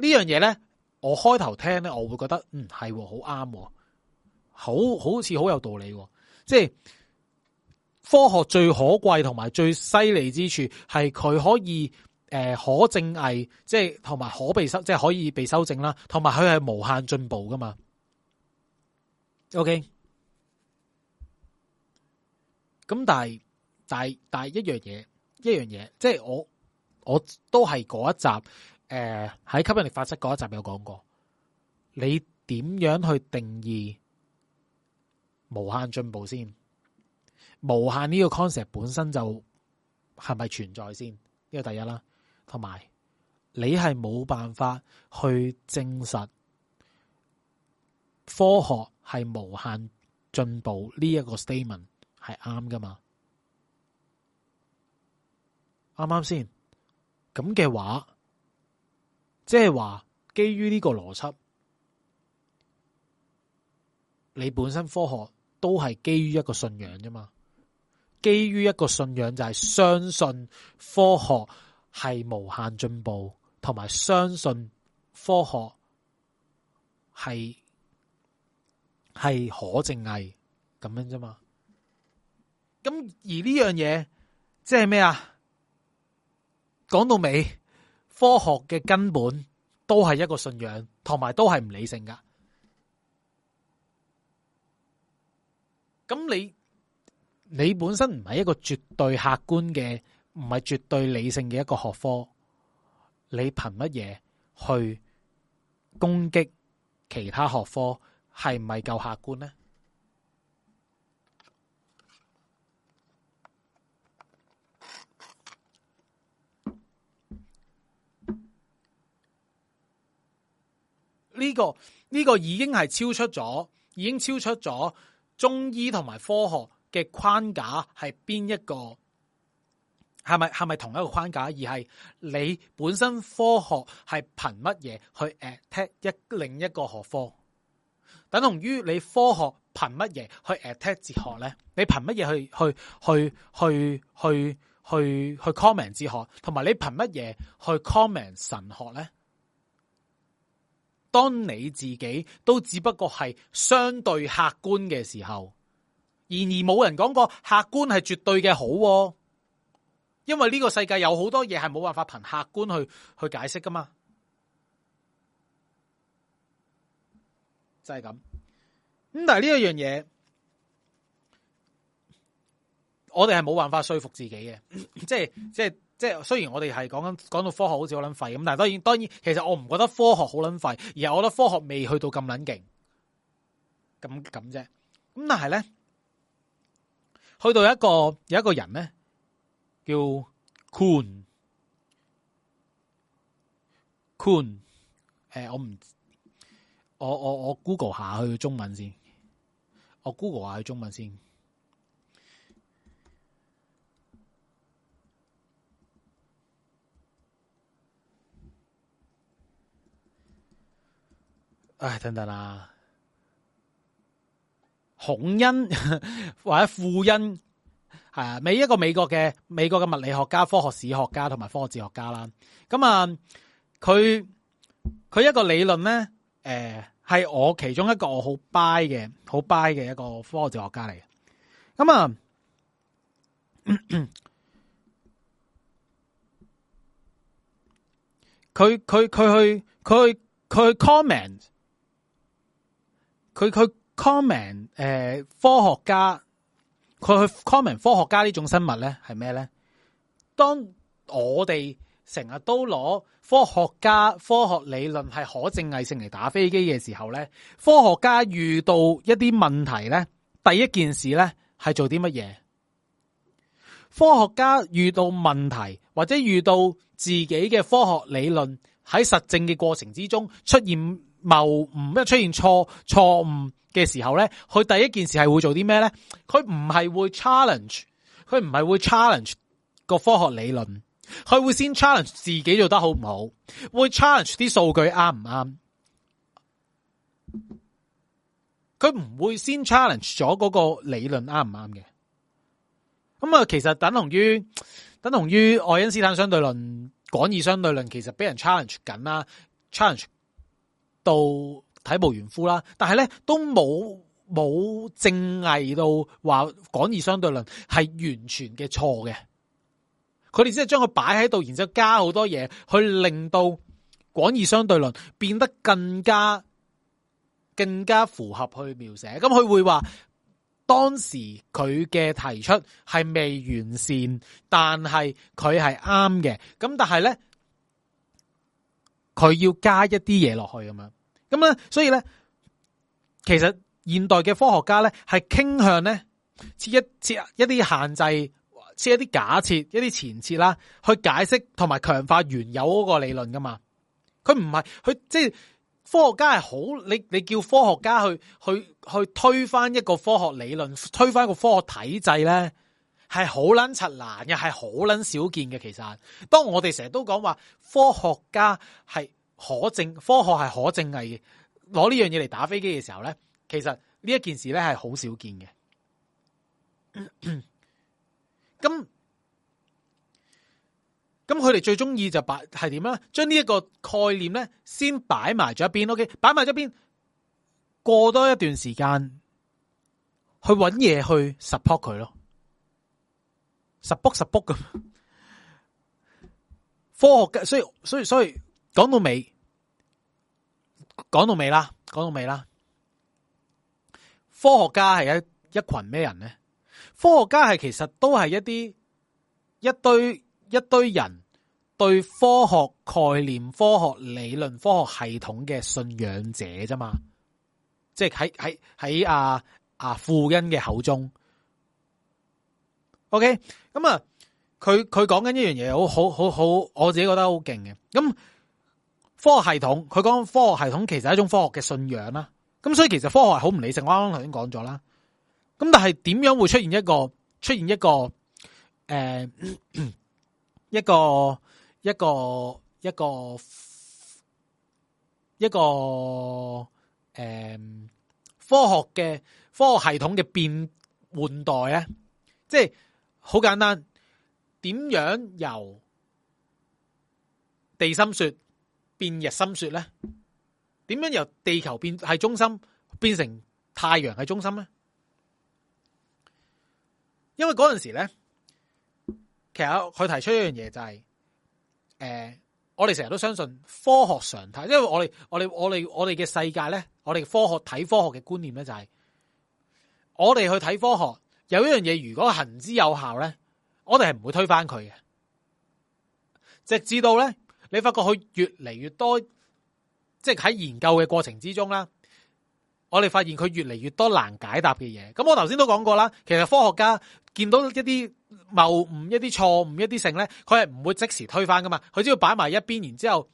呢樣嘢咧，我開頭聽咧，我會覺得嗯係好啱，好好似好有道理。即係科學最可貴同埋最犀利之處，係佢可以誒、呃、可證偽，即係同埋可被修，即係可以被修正啦。同埋佢係無限進步噶嘛。O K，咁但係但係但係一樣嘢，一樣嘢，即係我我都係嗰一集。誒，喺、呃、吸引力發出嗰一集有講過，你點樣去定義無限進步先？無限呢個 concept 本身就係咪存在先？呢個第一啦，同埋你係冇辦法去證實科學係無限進步呢一個 statement 係啱㗎嘛？啱啱先咁嘅話。即係話，基於呢個邏輯，你本身科學都係基於一個信仰啫嘛。基於一個信仰就係相信科學係無限進步，同埋相信科學係係可證偽咁樣啫嘛。咁而呢樣嘢，即係咩啊？講到尾。科學嘅根本都係一個信仰，同埋都係唔理性㗎。咁你你本身唔係一個絕對客觀嘅，唔係絕對理性嘅一個學科，你憑乜嘢去攻擊其他學科，係唔係夠客觀呢？呢個呢個已經係超出咗，已經超出咗中醫同埋科學嘅框架係邊一個？係咪係咪同一個框架？而係你本身科學係憑乜嘢去 attack 一另一個學科？等同於你科學憑乜嘢去 attack 哲學咧？你憑乜嘢去去去去去去去 comment 哲學？同埋你憑乜嘢去 comment 神學咧？當你自己都只不過係相對客觀嘅時候，然而冇人講過客觀係絕對嘅，好，因為呢個世界有好多嘢係冇辦法憑客觀去去解釋噶嘛，就係、是、咁。咁但係呢一樣嘢，我哋係冇辦法說服自己嘅，即係即係。就係即係雖然我哋係講緊講到科學好似好撚廢咁，但係當然當然，其實我唔覺得科學好撚廢，而係我覺得科學未去到咁撚勁，咁咁啫。咁但係咧，去到一個有一個人咧，叫 Kuhn，Kuhn，我唔，我我我，我 Google 下去中文先，我 Google 下佢中文先。唉、哎，等等啦，孔恩，或者庫恩係啊，美一個美國嘅美國嘅物理學家、科學史學家同埋科學哲學家啦。咁啊，佢佢一個理論咧，誒、呃，係我其中一個我好 buy 嘅、好 buy 嘅一個科學哲學家嚟嘅。咁啊，佢佢佢去佢佢 comment。佢佢 comment 誒，科學家佢去 comment 科學家呢種生物咧係咩咧？當我哋成日都攞科學家科學理論係可證偽性嚟打飛機嘅時候咧，科學家遇到一啲問題咧，第一件事咧係做啲乜嘢？科學家遇到問題或者遇到自己嘅科學理論喺實證嘅過程之中出現。謬唔即出現錯錯誤嘅時候咧，佢第一件事係會做啲咩咧？佢唔係會 challenge，佢唔係會 challenge 個科學理論，佢會先 challenge 自己做得好唔好，會 challenge 啲數據啱唔啱？佢唔會先 challenge 咗嗰個理論啱唔啱嘅？咁啊，其實等同於等同於愛因斯坦相對論、廣義相對論，其實俾人 challenge 緊啦，challenge。到體無完膚啦，但係咧，都冇冇正義到話廣義相對論係完全嘅錯嘅，佢哋只係將佢擺喺度，然之後加好多嘢去令到廣義相對論變得更加更加符合去描寫。咁、嗯、佢會話當時佢嘅提出係未完善，但係佢係啱嘅。咁但係咧，佢要加一啲嘢落去咁樣。咁咧，所以咧，其實現代嘅科學家咧係傾向咧設一設一啲限制，設一啲假設，一啲前設啦，去解釋同埋強化原有嗰個理論噶嘛。佢唔係佢即係科學家係好，你你叫科學家去去去推翻一個科學理論，推翻一個科學體制咧，係好捻柒難嘅，係好捻少見嘅。其實，當我哋成日都講話科學家係。可證科學係可證偽嘅，攞呢樣嘢嚟打飛機嘅時候咧，其實呢一件事咧係好少見嘅。咁咁佢哋最中意就擺係點啦？將呢一個概念咧先擺埋咗一邊，O K，擺埋咗一邊，過多一段時間去揾嘢去 support 佢咯 support support 咁。 科學嘅，所以所以所以。所以講到尾，講到尾啦，講到尾啦。科學家係一一群咩人呢？科學家係其實都係一啲一堆一堆人對科學概念、科學理論、科學系統嘅信仰者啫嘛。即係喺喺喺阿阿富恩嘅口中。OK，咁啊，佢佢講緊一樣嘢，好好好好，我自己覺得好勁嘅咁。嗯科學系統，佢講科學系統其實係一種科學嘅信仰啦。咁所以其實科學係好唔理性，我啱啱頭先講咗啦。咁但係點樣會出現一個出現一個誒、呃、一個一個一個一個誒、呃、科學嘅科學系統嘅變換代咧？即係好簡單，點樣由地心說？變日心說咧，點樣由地球變係中心變成太陽係中心咧？因為嗰陣時咧，其實佢提出一樣嘢就係、是，誒、呃，我哋成日都相信科學常態，因為我哋我哋我哋我哋嘅世界咧，我哋科學睇科學嘅觀念咧就係、是，我哋去睇科學有一樣嘢，如果行之有效咧，我哋係唔會推翻佢嘅，直至到咧。你發覺佢越嚟越多，即係喺研究嘅過程之中啦。我哋發現佢越嚟越多難解答嘅嘢。咁我頭先都講過啦，其實科學家見到一啲謬誤、一啲錯誤、一啲性咧，佢係唔會即時推翻噶嘛，佢只要擺埋一邊，然之後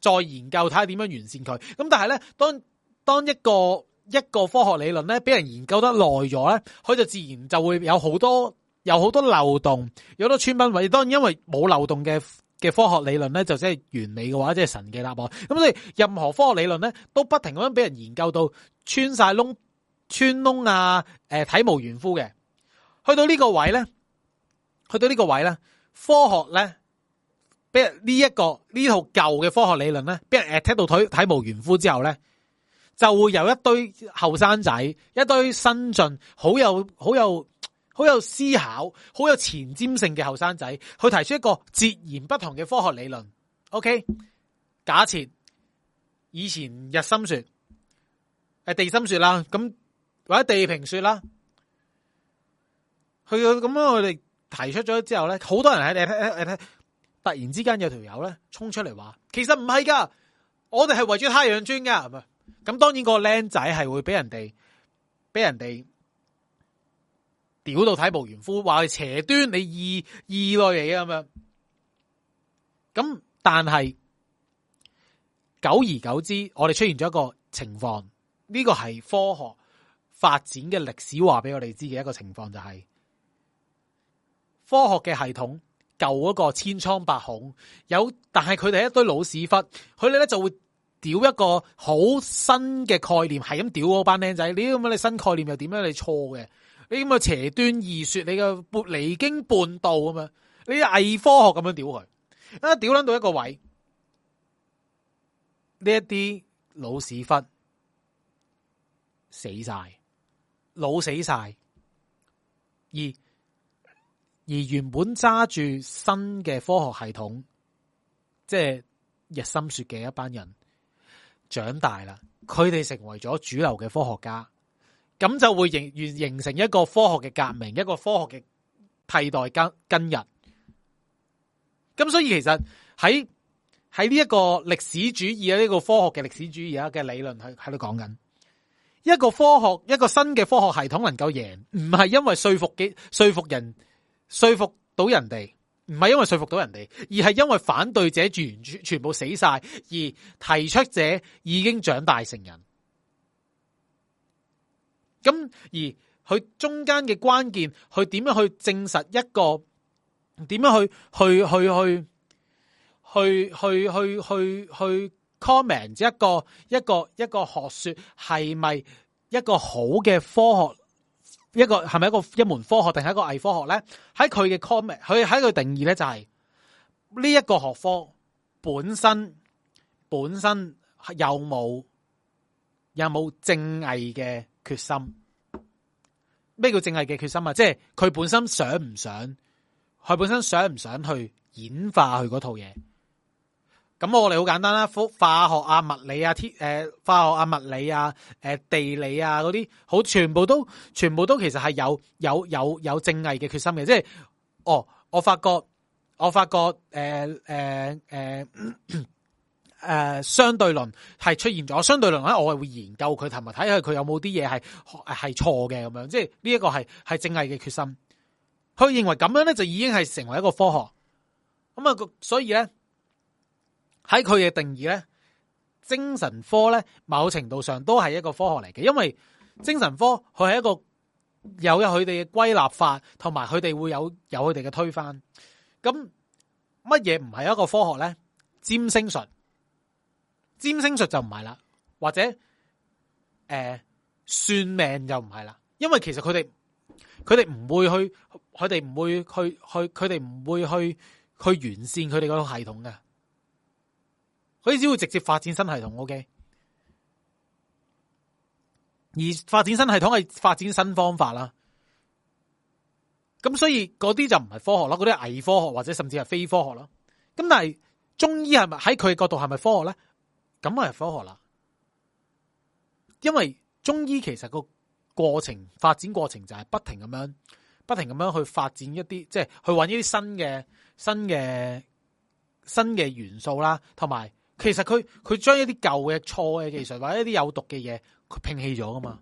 再研究睇下點樣完善佢。咁但係咧，當當一個一個科學理論咧，俾人研究得耐咗咧，佢就自然就會有好多有好多漏洞，有好多穿幫位。當然因為冇漏洞嘅。嘅科學理論咧，就即係原理嘅話，即係神嘅答案。咁所以任何科學理論咧，都不停咁樣俾人研究到穿晒窿、穿窿啊，誒，體無完膚嘅。去到呢個位咧，去到呢個位咧，科學咧，俾人呢一個呢套舊嘅科學理論咧，俾人誒踢到腿體無完膚之後咧，就會有一堆後生仔，一堆新進，好有好有。好有思考、好有前瞻性嘅後生仔，去提出一個截然不同嘅科學理論。OK，假設以前日心說係地心說啦，咁或者地平說啦，佢咁樣佢哋提出咗之後咧，好多人喺度睇睇突然之間有條友咧衝出嚟話，其實唔係噶，我哋係為咗太陽轉噶。咁當然個靚仔係會俾人哋俾人哋。屌到體無完膚，話係斜端，你二二類嚟咁樣。咁但係久而久之，我哋出現咗一個情況，呢個係科學發展嘅歷史話俾我哋知嘅一個情況，就是，就係科學嘅系統舊嗰個千瘡百孔，有但係佢哋一堆老屎忽，佢哋咧就會屌一個好新嘅概念，係咁屌嗰班僆仔。你咁樣，你新概念又點樣？你錯嘅。你咁嘅邪端異說，你嘅半離經叛道咁樣，你偽科學咁樣屌佢啊！屌捻到一個位，呢一啲老屎忽死晒，老死晒，而而原本揸住新嘅科學系統，即係日心說嘅一班人，長大啦，佢哋成為咗主流嘅科學家。咁就會形完形成一個科學嘅革命，一個科學嘅替代。今今日，咁所以其實喺喺呢一個歷史主義啊，呢個科學嘅歷史主義啊嘅理論，去喺度講緊一個科學，一個新嘅科學系統能夠贏，唔係因為說服嘅說服人，說服到人哋，唔係因為說服到人哋，而係因為反對者全全部死晒，而提出者已經長大成人。咁而佢中間嘅關鍵，佢點樣去證實一個？點樣去去去去去去去去，去 comment？即一個一個一個學說係咪一個好嘅科學？一個係咪一個一門科學，定係一個偽科學咧？喺佢嘅 comment，佢喺佢定義咧就係呢一個學科本身本身有冇有冇證偽嘅？決心，咩叫正義嘅決心啊？即係佢本身想唔想，佢本身想唔想去演化佢嗰套嘢。咁我哋好簡單啦，科化學啊、物理啊、天誒化學啊、物理啊、誒地理啊嗰啲，好全部都全部都其實係有有有有正義嘅決心嘅。即係哦，我發覺我發覺誒誒誒。呃呃呃 誒、呃，相對論係出現咗，相對論咧，我係會研究佢，同埋睇下佢有冇啲嘢係係錯嘅咁樣，即係呢一個係係證偽嘅決心。佢認為咁樣咧就已經係成為一個科學，咁、嗯、啊，所以咧喺佢嘅定義咧，精神科咧，某程度上都係一個科學嚟嘅，因為精神科佢係一個有有佢哋嘅歸納法，同埋佢哋會有有佢哋嘅推翻。咁乜嘢唔係一個科學咧？占星術。占星術就唔係啦，或者誒、呃、算命就唔係啦，因為其實佢哋佢哋唔會去，佢哋唔會去去，佢哋唔會去去完善佢哋個系統嘅，佢哋只會直接發展新系統。OK，而發展新系統係發展新方法啦。咁所以嗰啲就唔係科學啦，嗰啲偽科學或者甚至係非科學咯。咁但係中醫係咪喺佢嘅角度係咪科學咧？咁係科學啦，因為中醫其實個過程發展過程就係不停咁樣，不停咁樣去發展一啲，即係去搵一啲新嘅新嘅新嘅元素啦，同埋其實佢佢將一啲舊嘅錯嘅技術或者一啲有毒嘅嘢佢摒棄咗噶嘛，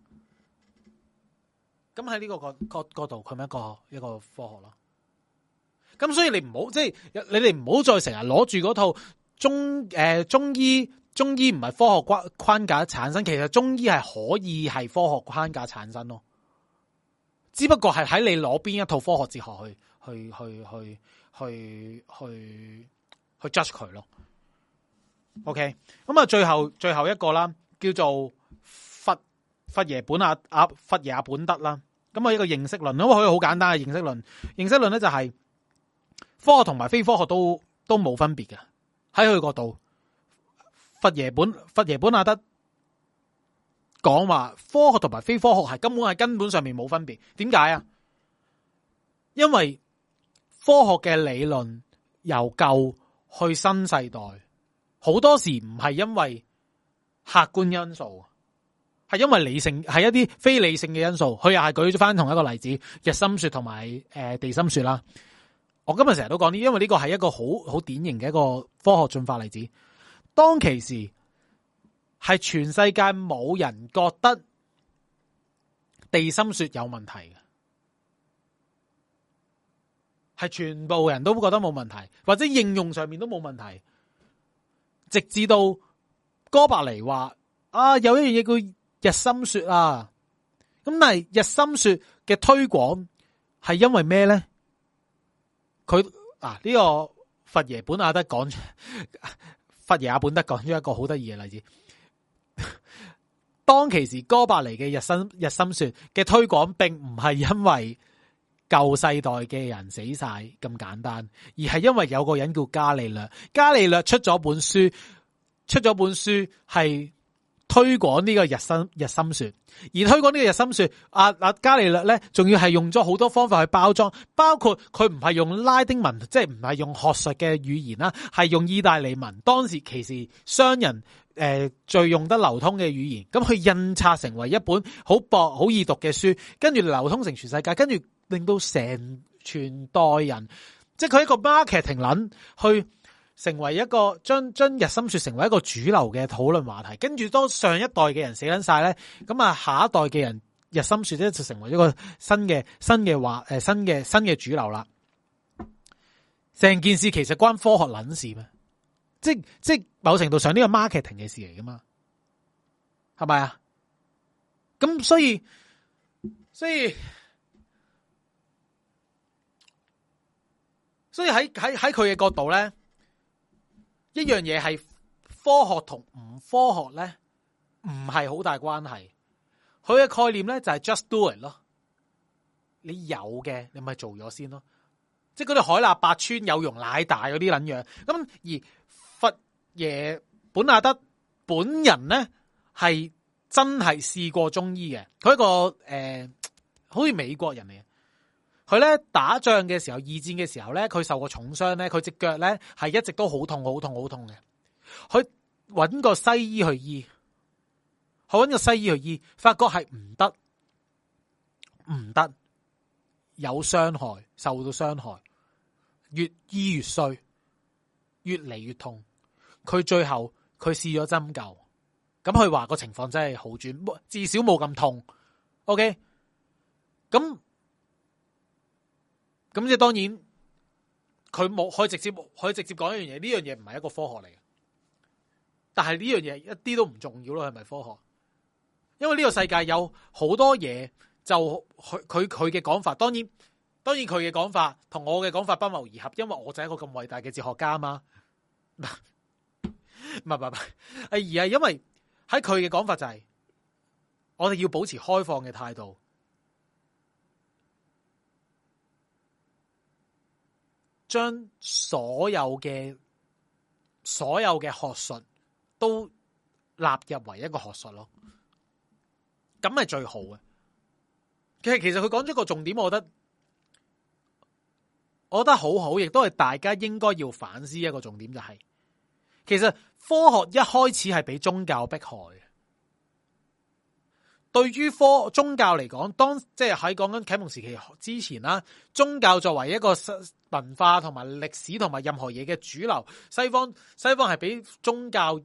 咁喺呢個角角度佢咪一個一個科學咯，咁所以你唔好即係你哋唔好再成日攞住嗰套中誒、呃、中醫。中醫唔係科學框框架產生，其實中醫係可以係科學框架產生咯，只不過係喺你攞邊一套科學哲學去去去去去去去 judge 佢咯。OK，咁啊，最後最後一個啦,叫做佛佛耶本阿阿佛耶阿本德啦。咁啊，一個認識論，因為佢好簡單嘅認識論。認識論咧就係科學同埋非科學都都冇分別嘅，喺佢角度。佛耶本佛耶本阿德講話科學同埋非科學係根本係根本上面冇分別，點解啊？因為科學嘅理論由舊去新世代，好多時唔係因為客觀因素，係因為理性，係一啲非理性嘅因素。佢又係舉咗翻同一個例子：日心說同埋誒地心說啦。我今日成日都講呢，因為呢個係一個好好典型嘅一個科學進化例子。當其時，係全世界冇人覺得地心說有問題嘅，係全部人都覺得冇問題，或者應用上面都冇問題，直至到哥白尼話啊，有一樣嘢叫日心說啊，咁但係日心說嘅推廣係因為咩咧？佢啊呢個佛爺本亞德講。 費耶阿本德講咗一個好得意嘅例子，當其時哥白尼嘅日心日心說嘅推廣並唔係因為舊世代嘅人死晒咁簡單，而係因為有個人叫伽利略，伽利略出咗本書，出咗本書係。推廣呢個日心日心說，而推廣呢個日心說，阿阿伽利略咧，仲要係用咗好多方法去包裝，包括佢唔係用拉丁文，即係唔係用學術嘅語言啦，係用意大利文，當時其實商人，呃，最用得流通嘅語言，咁佢印刷成為一本好薄好易讀嘅書，跟住流通成全世界，跟住令到成全代人，即係佢一個 marketing 撚去。成為一個將將日心說成為一個主流嘅討論話題，跟住當上一代嘅人死緊曬咧，咁啊下一代嘅人日心說咧就成為一個新嘅新嘅話誒新嘅新嘅主流啦。成件事其實關科學捻事咩？即即某程度上呢個 marketing 嘅事嚟噶嘛？係咪啊？咁所以所以所以喺喺喺佢嘅角度咧，一樣嘢係科學同唔科學咧，唔係好大關係。佢嘅概念咧就係 just do it 咯。你有嘅，你咪做咗先咯。即係嗰啲海納百川、有容乃大嗰啲捻樣。咁而佛爺本亞德本人咧係真係試過中醫嘅。佢一個誒、欸，好似美國人嚟嘅。佢咧打仗嘅時候，二戰嘅時候咧，佢受過重傷咧，佢隻腳咧係一直都好痛，好痛，好痛嘅。佢揾個西醫去醫，佢揾個西醫去醫，發覺係唔得，唔得，有傷害，受到傷害，越醫越衰，越嚟越痛。佢最後佢試咗針灸，咁佢話個情況真係好轉，至少冇咁痛。OK，咁。咁即係當然，佢冇可以直接可以直接講一樣嘢，呢樣嘢唔係一個科學嚟嘅。但係呢樣嘢一啲都唔重要咯，係咪科學？因為呢個世界有好多嘢就佢佢佢嘅講法，當然當然佢嘅講法同我嘅講法不謀而合，因為我就係一個咁偉大嘅哲學家嘛。唔係唔係唔係，而係因為喺佢嘅講法就係，我哋要保持開放嘅態度。將所有嘅所有嘅學術都納入為一個學術咯，咁係最好嘅。其實其實佢講咗個重點，我覺得我覺得好好，亦都係大家應該要反思一個重點，就是，就係其實科學一開始係俾宗教迫害嘅。對於科宗教嚟講，當即係喺講緊啟蒙時期之前啦，宗教作為一個文化同埋歷史同埋任何嘢嘅主流，西方西方係俾宗教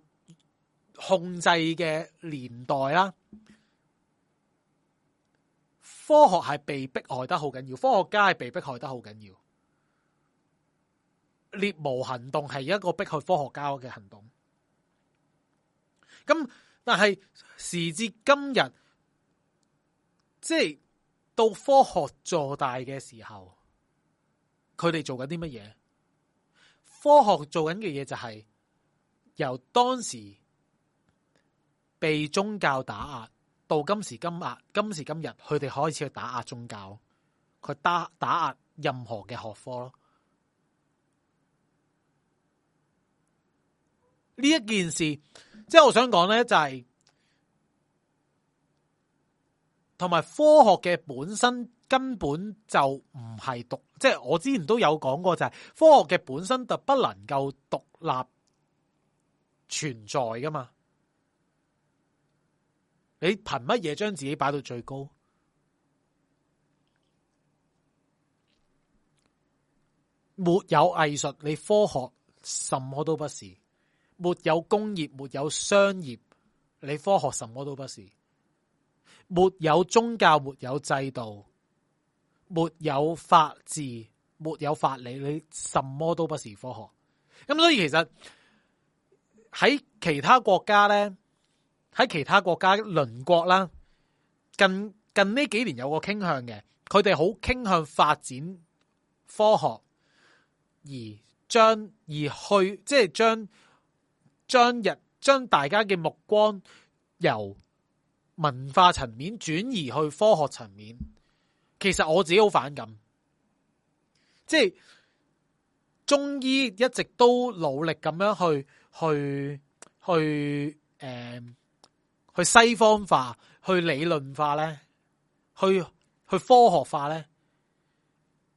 控制嘅年代啦。科學係被迫害得好緊要，科學家係被迫害得好緊要。獵巫行動係一個迫害科學家嘅行動。咁但係時至今日。即係到科學做大嘅時候，佢哋做緊啲乜嘢？科學做緊嘅嘢就係、是、由當時被宗教打壓，到今時今日，今時今日，佢哋開始去打壓宗教，佢打打壓任何嘅學科咯。呢一件事，即係我想講咧、就是，就係。同埋科學嘅本身根本就唔係獨，即係我之前都有講過，就係科學嘅本身就不能夠獨立存在噶嘛。你憑乜嘢將自己擺到最高？沒有藝術，你科學什麼都不是；沒有工業，沒有商業，你科學什麼都不是。沒有宗教，沒有制度，沒有法治，沒有法理，你什麼都不是科學。咁所以其實喺其他國家咧，喺其他國家鄰國啦，近近呢幾年有個傾向嘅，佢哋好傾向發展科學，而將而去即係將將日將大家嘅目光由。文化層面轉移去科學層面，其實我自己好反感。即係中醫一直都努力咁樣去去去誒、呃、去西方化，去理論化咧，去去科學化咧。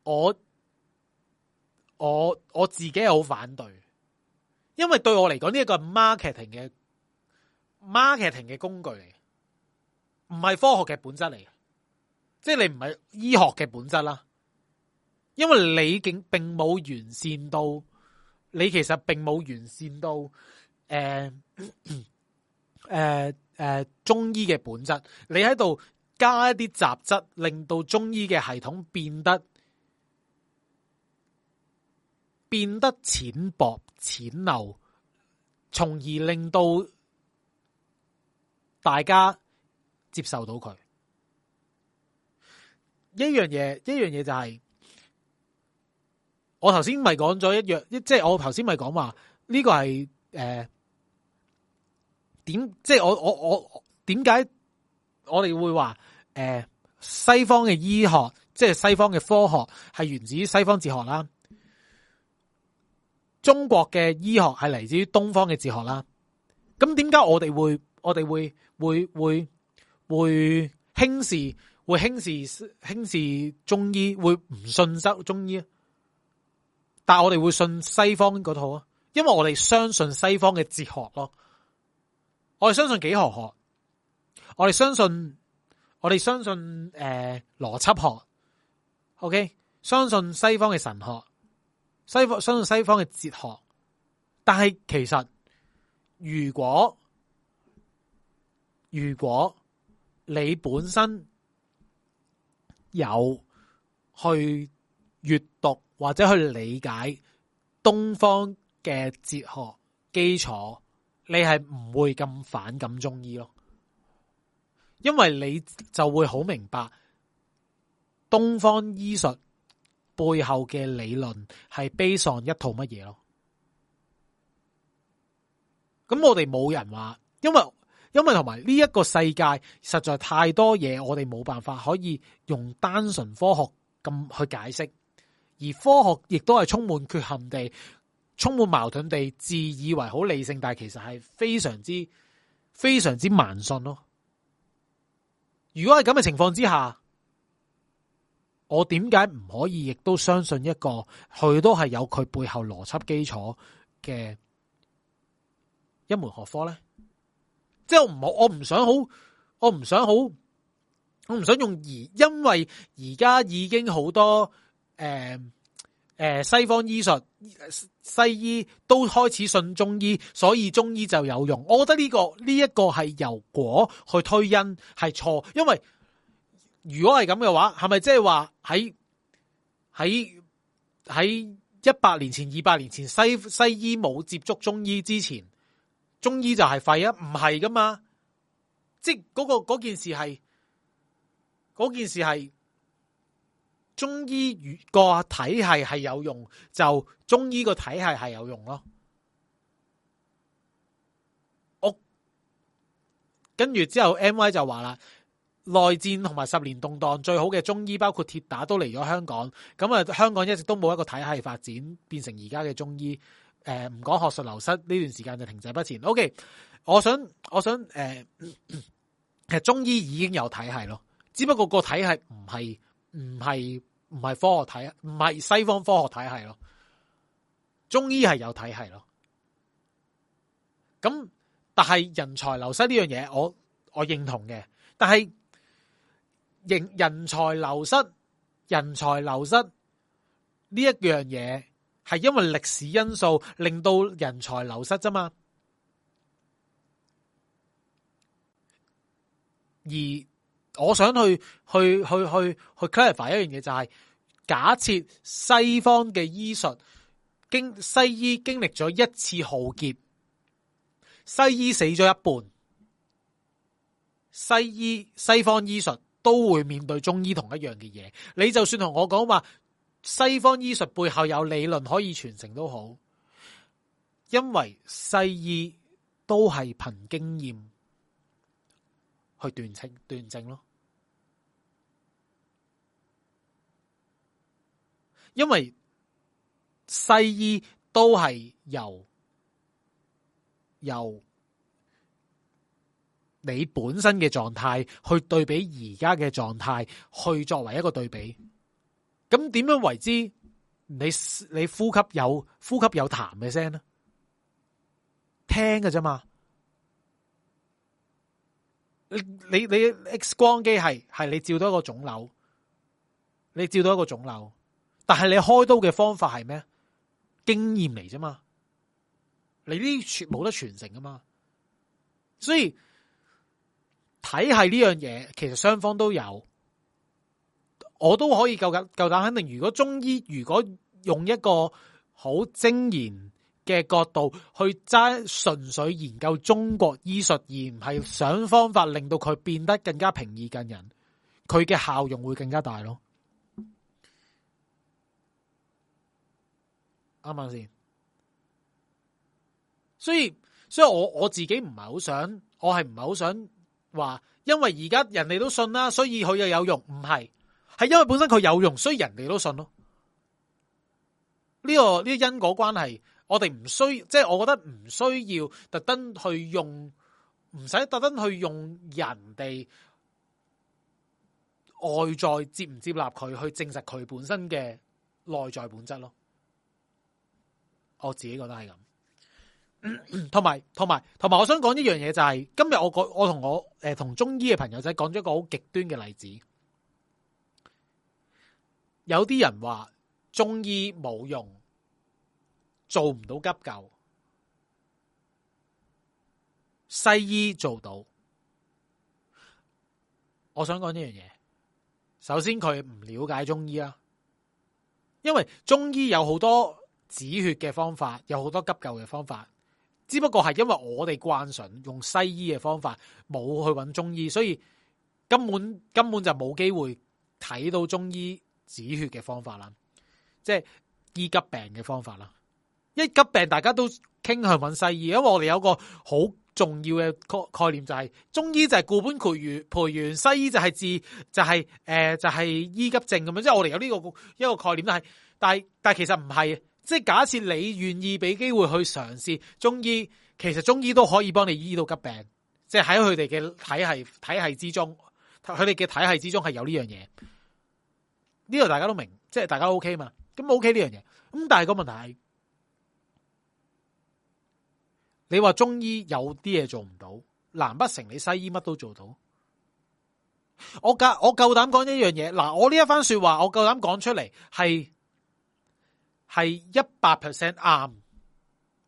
我我我自己係好反對，因為對我嚟講呢一個 marketing 嘅 marketing 嘅工具嚟。唔係科學嘅本質嚟嘅，即係你唔係醫學嘅本質啦，因為你竟並冇完善到，你其實並冇完善到，誒誒誒中醫嘅本質，你喺度加一啲雜質，令到中醫嘅系統變得變得淺薄淺陋，從而令到大家。接受到佢一樣嘢，一樣嘢就係我頭先咪講咗一樣、就是這個呃，即係我頭先咪講話呢個係誒點，即係我我我點解我哋會話誒、呃、西方嘅醫學，即係西方嘅科學係源自於西方哲學啦，中國嘅醫學係嚟自於東方嘅哲學啦。咁點解我哋會我哋會會會？會輕視，會輕視，輕視中醫，會唔信中中醫啊，但係我哋會信西方嗰套啊，因為我哋相信西方嘅哲學咯，我哋相信幾何學，我哋相信，我哋相信誒、呃、邏輯學。OK，相信西方嘅神學，西方相信西方嘅哲學，但係其實如果如果。你本身有去閱讀或者去理解東方嘅哲學基礎，你係唔會咁反感中醫咯，因為你就會好明白東方醫術背後嘅理論係悲 a 一套乜嘢咯。咁我哋冇人話，因為。因為同埋呢一個世界實在太多嘢，我哋冇辦法可以用單純科學咁去解釋，而科學亦都係充滿缺陷地，充滿矛盾地，自以為好理性，但係其實係非常之，非常之盲信咯。如果係咁嘅情況之下，我點解唔可以亦都相信一個佢都係有佢背後邏輯基礎嘅一門學科咧？即係我唔我唔想好我唔想好我唔想用而，因為而家已經好多誒誒、呃呃、西方醫術西醫都開始信中醫，所以中醫就有用。我覺得呢、呢個呢一、呢個係由果去推因係錯，因為如果係咁嘅話，係咪即係話喺喺喺一百年前、二百年前西西醫冇接觸中醫之前？中醫就係廢啊，唔係噶嘛，即係、那、嗰個嗰件事係，嗰件事係中醫個體系係有用，就中醫個體系係有用咯。跟住之後，M Y 就話啦，內戰同埋十年動盪最好嘅中醫，包括鐵打都嚟咗香港，咁啊香港一直都冇一個體系發展，變成而家嘅中醫。誒，唔講學術流失呢段時間就停滯不前。OK，我想我想誒，其實中醫已經有體系咯，只不過個體系唔係唔係唔係科學體唔係西方科學體系咯。中醫係有體系咯，咁但係人才流失呢樣嘢，我我認同嘅，但係人人才流失，人才流失呢一樣嘢。係因為歷史因素令到人才流失咋嘛？而我想去去去去去 clarify 一樣嘢，就係假設西方嘅醫術經西醫經歷咗一次浩劫，西醫死咗一半，西醫西方醫術都會面對中醫同一樣嘅嘢。你就算同我講話。西方醫術背後有理論可以傳承都好，因為西醫都係憑經驗去斷症斷症咯。因為西醫都係由由你本身嘅狀態去對比而家嘅狀態，去作為一個對比。咁點樣為之？你你呼吸有呼吸有痰嘅聲咧，聽㗎啫嘛。你你你 X 光機係係你照到一個腫瘤，你照到一個腫瘤，但係你開刀嘅方法係咩？經驗嚟啫嘛，你呢啲冇得傳承啊嘛。所以體系呢樣嘢，其實雙方都有。我都可以夠敢膽肯定，如果中醫如果用一個好精研嘅角度去齋純粹研究中國醫術，而唔係想方法令到佢變得更加平易近人，佢嘅效用會更加大咯。啱唔啱先？所以，所以我我自己唔係好想，我係唔係好想話，因為而家人哋都信啦，所以佢又有用，唔係。係因為本身佢有用，所以人哋都信咯。呢個呢啲因果關係，我哋唔需要，即係我覺得唔需要特登去用，唔使特登去用人哋外在接唔接納佢，去證實佢本身嘅內在本質咯。我自己覺得係咁。同埋同埋同埋，我想講一樣嘢就係今日我我同我誒同中醫嘅朋友仔講咗一個好極端嘅例子。有啲人話中醫冇用，做唔到急救，西醫做到。我想講呢樣嘢，首先佢唔了解中醫啊，因為中醫有好多止血嘅方法，有好多急救嘅方法，只不過係因為我哋慣常用西醫嘅方法，冇去揾中醫，所以根本根本就冇機會睇到中醫。止血嘅方法啦，即係醫急病嘅方法啦。一急病大家都傾向揾西醫，因為我哋有個好重要嘅概概念就係中醫就係固本培元，培元西醫就係治就係、是、誒、呃、就係、是、醫急症咁樣。即係我哋有呢、這個一個概念是，但係但係但係其實唔係。即係假設你願意俾機會去嘗試中醫，其實中醫都可以幫你醫到急病。即係喺佢哋嘅體系體系之中，佢哋嘅體系之中係有呢樣嘢。呢度大家都明，即係大家 O K 嘛？咁 O K 呢樣嘢咁，但係個問題係，你話中醫有啲嘢做唔到，難不成你西醫乜都做到？我夠我夠膽講一樣嘢，嗱，我呢一,一番話說話，我夠膽講出嚟，係係一百 percent 啱。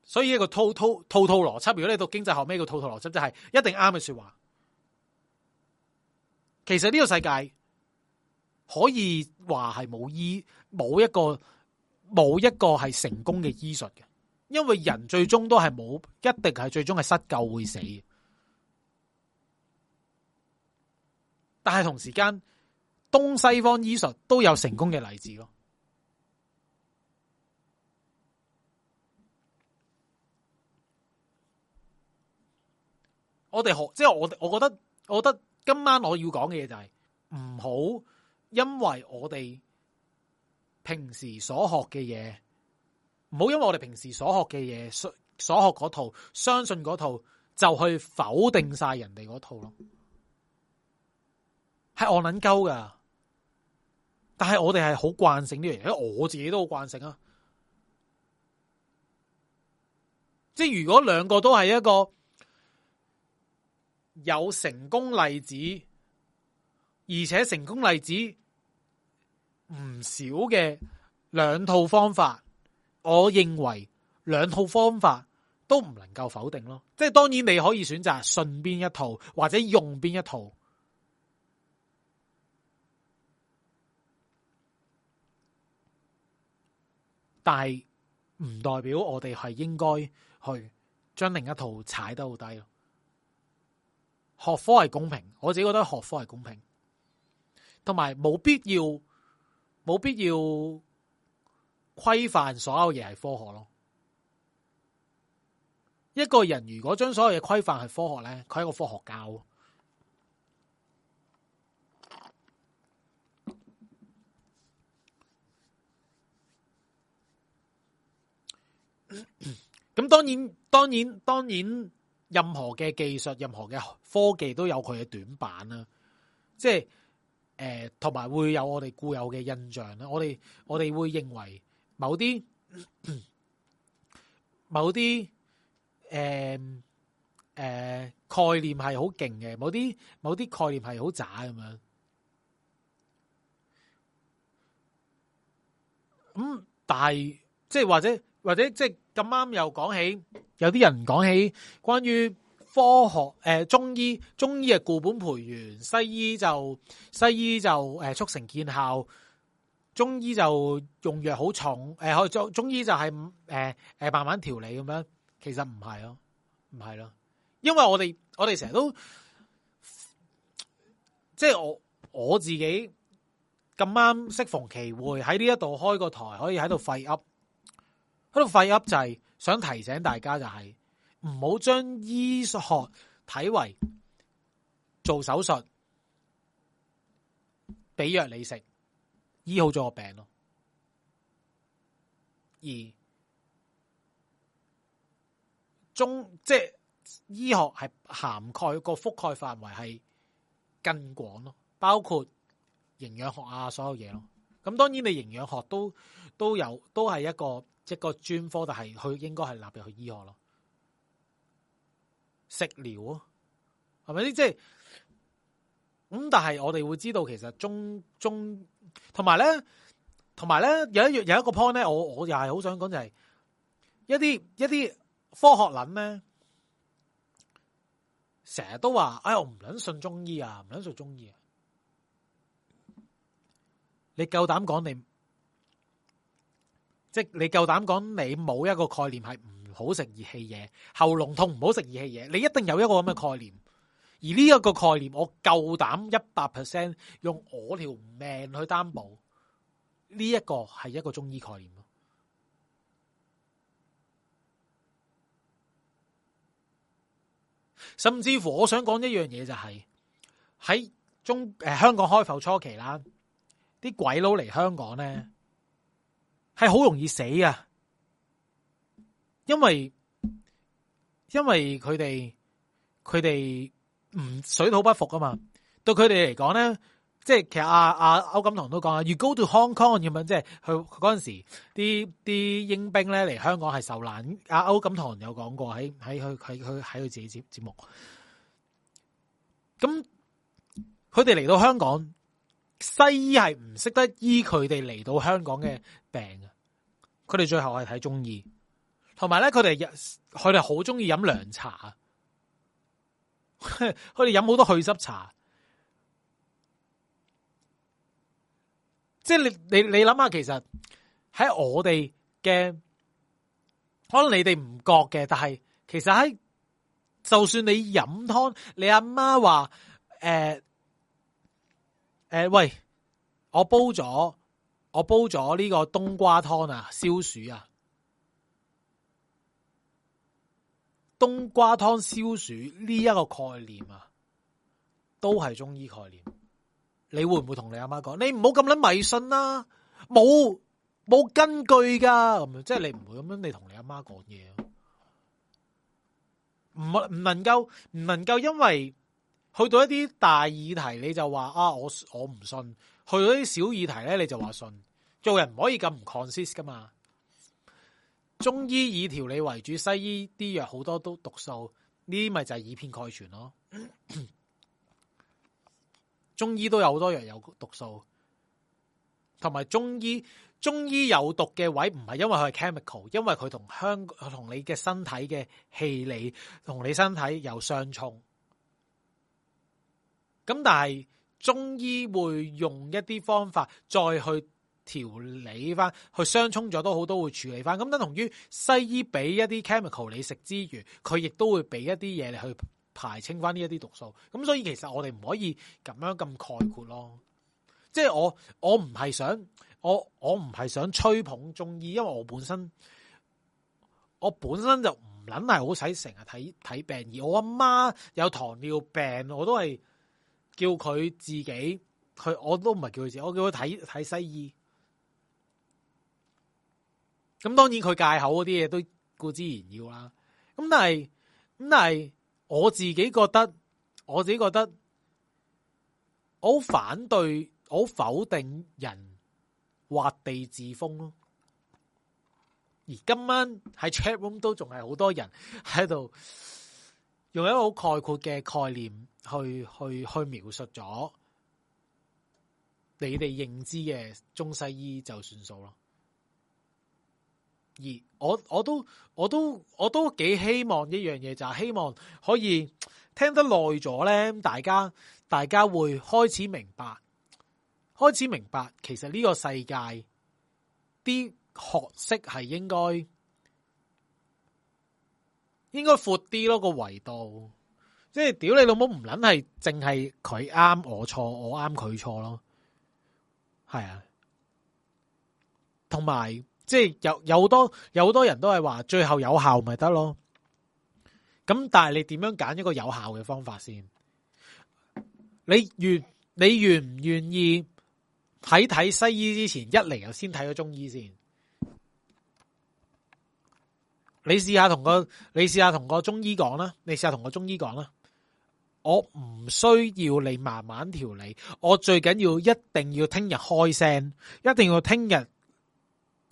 所以一個 t ot, t ot, t ot 套套套套邏輯，如果你讀經濟學咩叫套套 t a 邏輯，就係、是、一定啱嘅說話。其實呢個世界。可以話係冇醫冇一個冇一個係成功嘅醫術嘅，因為人最終都係冇一定係最終係失救會死嘅。但係同時間，東西方醫術都有成功嘅例子咯。我哋學即係我，我覺得，我覺得今晚我要講嘅嘢就係唔好。因為我哋平時所學嘅嘢，唔好因為我哋平時所學嘅嘢，所所學嗰套，相信嗰套就去否定晒人哋嗰套咯，係我諗鳩噶。但係我哋係好慣性呢樣嘢，我自己都好慣性啊。即係如果兩個都係一個有成功例子，而且成功例子。唔少嘅兩套方法，我認為兩套方法都唔能夠否定咯。即係當然你可以選擇信邊一套或者用邊一套，但係唔代表我哋係應該去將另一套踩得好低咯。學科係公平，我自己覺得學科係公平，同埋冇必要。冇必要規範所有嘢係科學咯。一個人如果將所有嘢規範係科學咧，佢係個科學教。咁當然，當然，當然，任何嘅技術，任何嘅科技都有佢嘅短板啦，即係。誒，同埋會有我哋固有嘅印象咧。我哋我哋會認為某啲某啲誒誒概念係好勁嘅，某啲某啲概念係好渣咁樣。咁但係即係或者或者即係咁啱又講起，有啲人講起關於。科學、呃，中醫，中醫係固本培元，西醫就西醫就誒速、呃、成見效，中醫就用藥好重，可、呃、以中醫就係、是呃呃、慢慢調理咁樣，其實唔係咯，唔係咯，因為我哋我哋成日都即係、就是、我我自己咁啱適逢其會喺呢一度開個台，可以喺度廢噏，喺度廢噏就係想提醒大家就係、是。唔好將醫學睇為做手術，俾藥你食，醫好咗個病咯。而中即係醫學係涵蓋個覆蓋範圍係更廣咯，包括營養學啊、所有嘢咯。咁當然你營養學都都有都係一個即係一個專科，但係佢應該係納入去醫學咯。食療啊，係咪先？即係咁，但係我哋會知道，其實中中同埋咧，同埋咧，有一樣有一個 point 咧，我我又係好想講就係、是、一啲一啲科學論咧，成日都話，哎，我唔撚信中醫啊，唔撚信中醫啊，你夠膽講你，即、就、係、是、你夠膽講你冇一個概念係唔。唔好食熱氣嘢，喉嚨痛唔好食熱氣嘢。你一定有一個咁嘅概念，而呢一個概念，我夠膽一百 percent 用我條命去擔保。呢一個係一個中醫概念咯。甚至乎，我想講一樣嘢就係、是、喺中誒、呃、香港開埠初期啦，啲鬼佬嚟香港咧係好容易死啊！因為因為佢哋佢哋唔水土不服啊嘛，對佢哋嚟講咧，即係其實阿、啊、阿、啊、歐錦棠都講啊，You go to Hong Kong 咁樣，即係佢嗰陣時啲啲英兵咧嚟香港係受難。阿歐錦棠有講過喺喺佢喺佢喺佢自己節節目，咁佢哋嚟到香港西醫係唔識得醫佢哋嚟到香港嘅病嘅，佢哋最後係睇中醫。同埋咧，佢哋佢哋好中意飲涼茶，佢哋飲好多祛濕茶。即係你你你諗下，其實喺我哋嘅，可能你哋唔覺嘅，但係其實喺，就算你飲湯，你阿媽話誒誒喂，我煲咗我煲咗呢個冬瓜湯啊，消暑啊。冬瓜湯消暑呢一個概念啊，都係中醫概念。你會唔會同你阿媽講？你唔好咁捻迷信啦，啊，冇冇根據噶咁樣，即係你唔會咁樣你你媽媽。你同你阿媽講嘢，唔唔能夠唔能夠因為去到一啲大議題你就話啊，我我唔信；去到啲小議題咧，你就話信。做人唔可以咁唔 consistent 噶嘛。中醫以調理為主，西醫啲藥好多都毒素，呢啲咪就係以偏概全咯。 中醫都有好多藥有毒素，同埋中醫中醫有毒嘅位唔係因為佢係 chemical，因為佢同香同你嘅身體嘅氣理同你身體有相沖。咁但係中醫會用一啲方法再去。調理翻，去相沖咗都好，都會處理翻。咁等同於西醫俾一啲 chemical 你食之餘，佢亦都會俾一啲嘢你去排清翻呢一啲毒素。咁所以其實我哋唔可以咁樣咁概括咯。即係我我，唔係想我，我唔係想吹捧中醫，因為我本身，我本身就唔撚係好使，成日睇睇病。而我阿媽有糖尿病，我都係叫佢自己，佢我都唔係叫佢自己，我叫佢睇睇西醫。咁當然佢戒口嗰啲嘢都固之然要啦。咁但係，咁但係我自己覺得，我自己覺得我好反對，我好否定人畫地自封咯。而今晚喺 chat room 都仲係好多人喺度用一個好概括嘅概念去去去描述咗你哋認知嘅中西醫就算數咯。而我我都我都我都幾希望一樣嘢，就係希望可以聽得耐咗咧，大家大家會開始明白，開始明白其實呢個世界啲學識係應該應該闊啲咯，個維度，即係屌你老母唔捻係淨係佢啱我錯我啱佢錯咯。係啊，同埋。即係有有好多有好多人都係話最後有效咪得咯，咁但係你點樣揀一個有效嘅方法先？你願你願唔願意睇睇西醫之前，一嚟又先睇咗中醫先？你試下同個你試下同個中醫講啦，你試下同個中醫講啦，我唔需要你慢慢調理，我最緊要一定要聽日開聲，一定要聽日。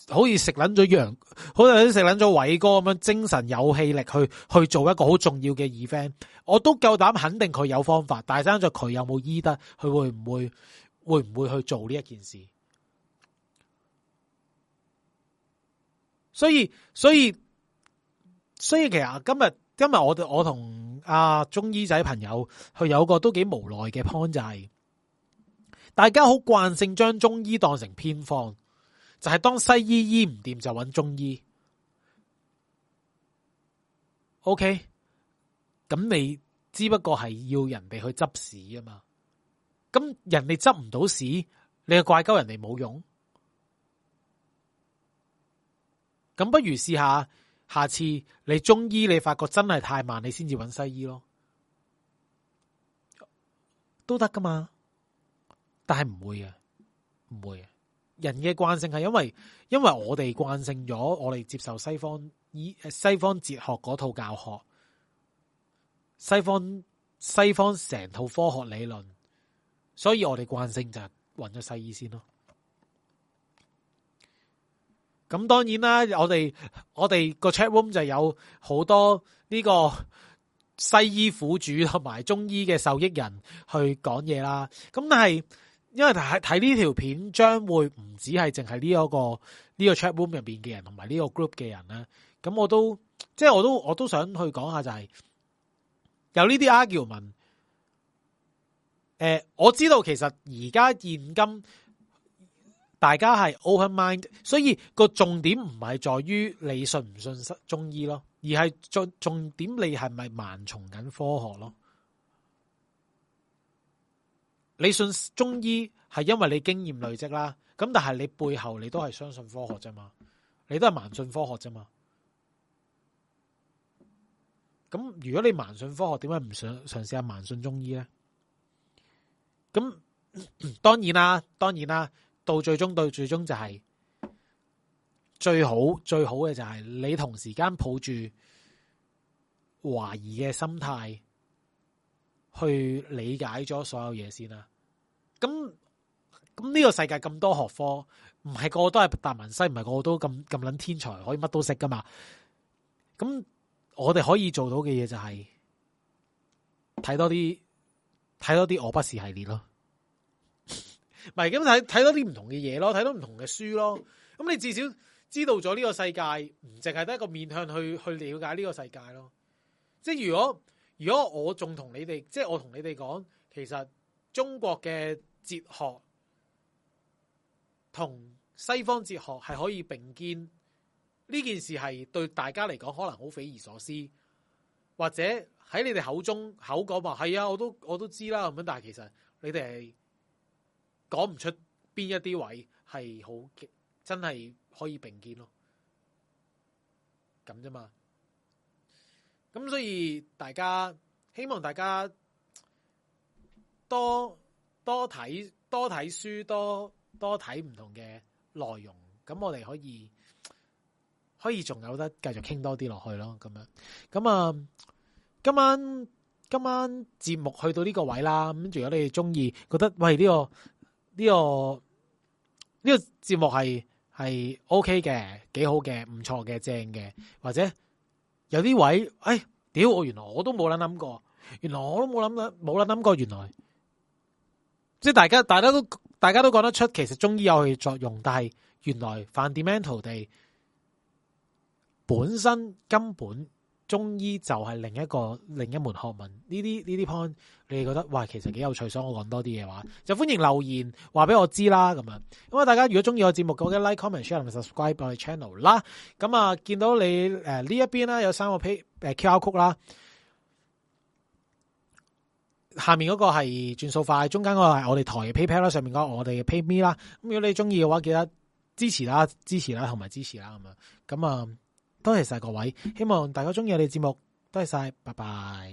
好似食捻咗羊，好似食捻咗偉哥咁樣，精神有氣力去去做一個好重要嘅 event，我都夠膽肯定佢有方法，但係爭在佢有冇醫德，佢會唔會會唔會去做呢一件事？所以所以所以其實今日今日我哋我同阿、啊、中醫仔朋友佢有個都幾無奈嘅 point 就係，大家好慣性將中醫當成偏方。就係當西醫醫唔掂就揾中醫，OK？咁你只不過係要人哋去執屎啊嘛，咁人哋執唔到屎，你又怪鳩人哋冇用，咁不如試下，下次你中醫你發覺真係太慢，你先至揾西醫咯，都得噶嘛？但係唔會啊，唔會啊。人嘅慣性係因為因為我哋慣性咗，我哋接受西方西方哲學嗰套教學，西方西方成套科學理論，所以我哋慣性就揾咗西醫先咯。咁當然啦，我哋我哋個 chat room 就有好多呢個西醫苦主同埋中醫嘅受益人去講嘢啦。咁但係。因為睇睇呢條片，將會唔止係淨係呢一個呢、這個 chat room 入邊嘅人，同埋呢個 group 嘅人啦。咁我都即係我都我都想去講下、就是，就係有呢啲 argument。誒，我知道其實而家現今大家係 open mind，所以個重點唔係在於你信唔信中中醫咯，而係重重點你係咪盲從緊科學咯。你信中醫係因為你經驗累積啦，咁但係你背後你都係相信科學啫嘛，你都係盲信科學啫嘛。咁如果你盲信科學，點解唔想嘗試下盲信中醫咧？咁當然啦，當然啦，到最終到最終就係最好最好嘅就係你同時間抱住懷疑嘅心態去理解咗所有嘢先啦。咁咁呢個世界咁多學科，唔係個個都係達文西，唔係個個都咁咁捻天才，可以乜都識噶嘛？咁我哋可以做到嘅嘢就係、是、睇多啲，睇多啲我不是系列咯，唔係， 係咁睇睇多啲唔同嘅嘢咯，睇多唔同嘅書咯。咁你至少知道咗呢個世界唔淨係得一個面向去去了解呢個世界咯。即係如果如果我仲同你哋，即係我同你哋講，其實中國嘅。哲學同西方哲學係可以併肩，呢件事係對大家嚟講可能好匪夷所思，或者喺你哋口中口講話，係啊，我都我都知啦咁樣，但係其實你哋講唔出邊一啲位係好真係可以併肩咯，咁啫嘛。咁所以大家希望大家多。多睇多睇書，多多睇唔同嘅內容，咁我哋可以可以仲有得繼續傾多啲落去咯。咁樣咁啊、嗯，今晚今晚節目去到呢個位啦。咁如果你哋中意，覺得喂呢個呢個呢個節目係係 O K 嘅，幾好嘅，唔錯嘅，正嘅，或者有啲位，哎，屌，我原來我都冇諗諗過，原來我都冇諗諗，冇諗諗過，原來。原來即大家，大家都大家都講得出，其實中醫有佢作用，但係原來 fundamental 地本身根本中醫就係另一個另一門學問。呢啲呢啲 point，你哋覺得哇，其實幾有趣，所以我講多啲嘢話就歡迎留言話俾我知啦。咁啊，咁啊，大家如果中意我節目，嗰啲 like comment share 同埋 subscribe 我哋 channel 啦。咁啊，見到你誒呢、呃、一邊啦，有三個 p r c o d 曲啦。下面嗰個係轉數快，中間嗰個係我哋台嘅 PayPal 啦，上面嗰個我哋嘅 PayMe 啦。咁如果你中意嘅話，記得支持啦、支持啦、同埋支持啦咁樣。咁啊，多謝晒各位，希望大家中意我哋節目，多謝晒，拜拜。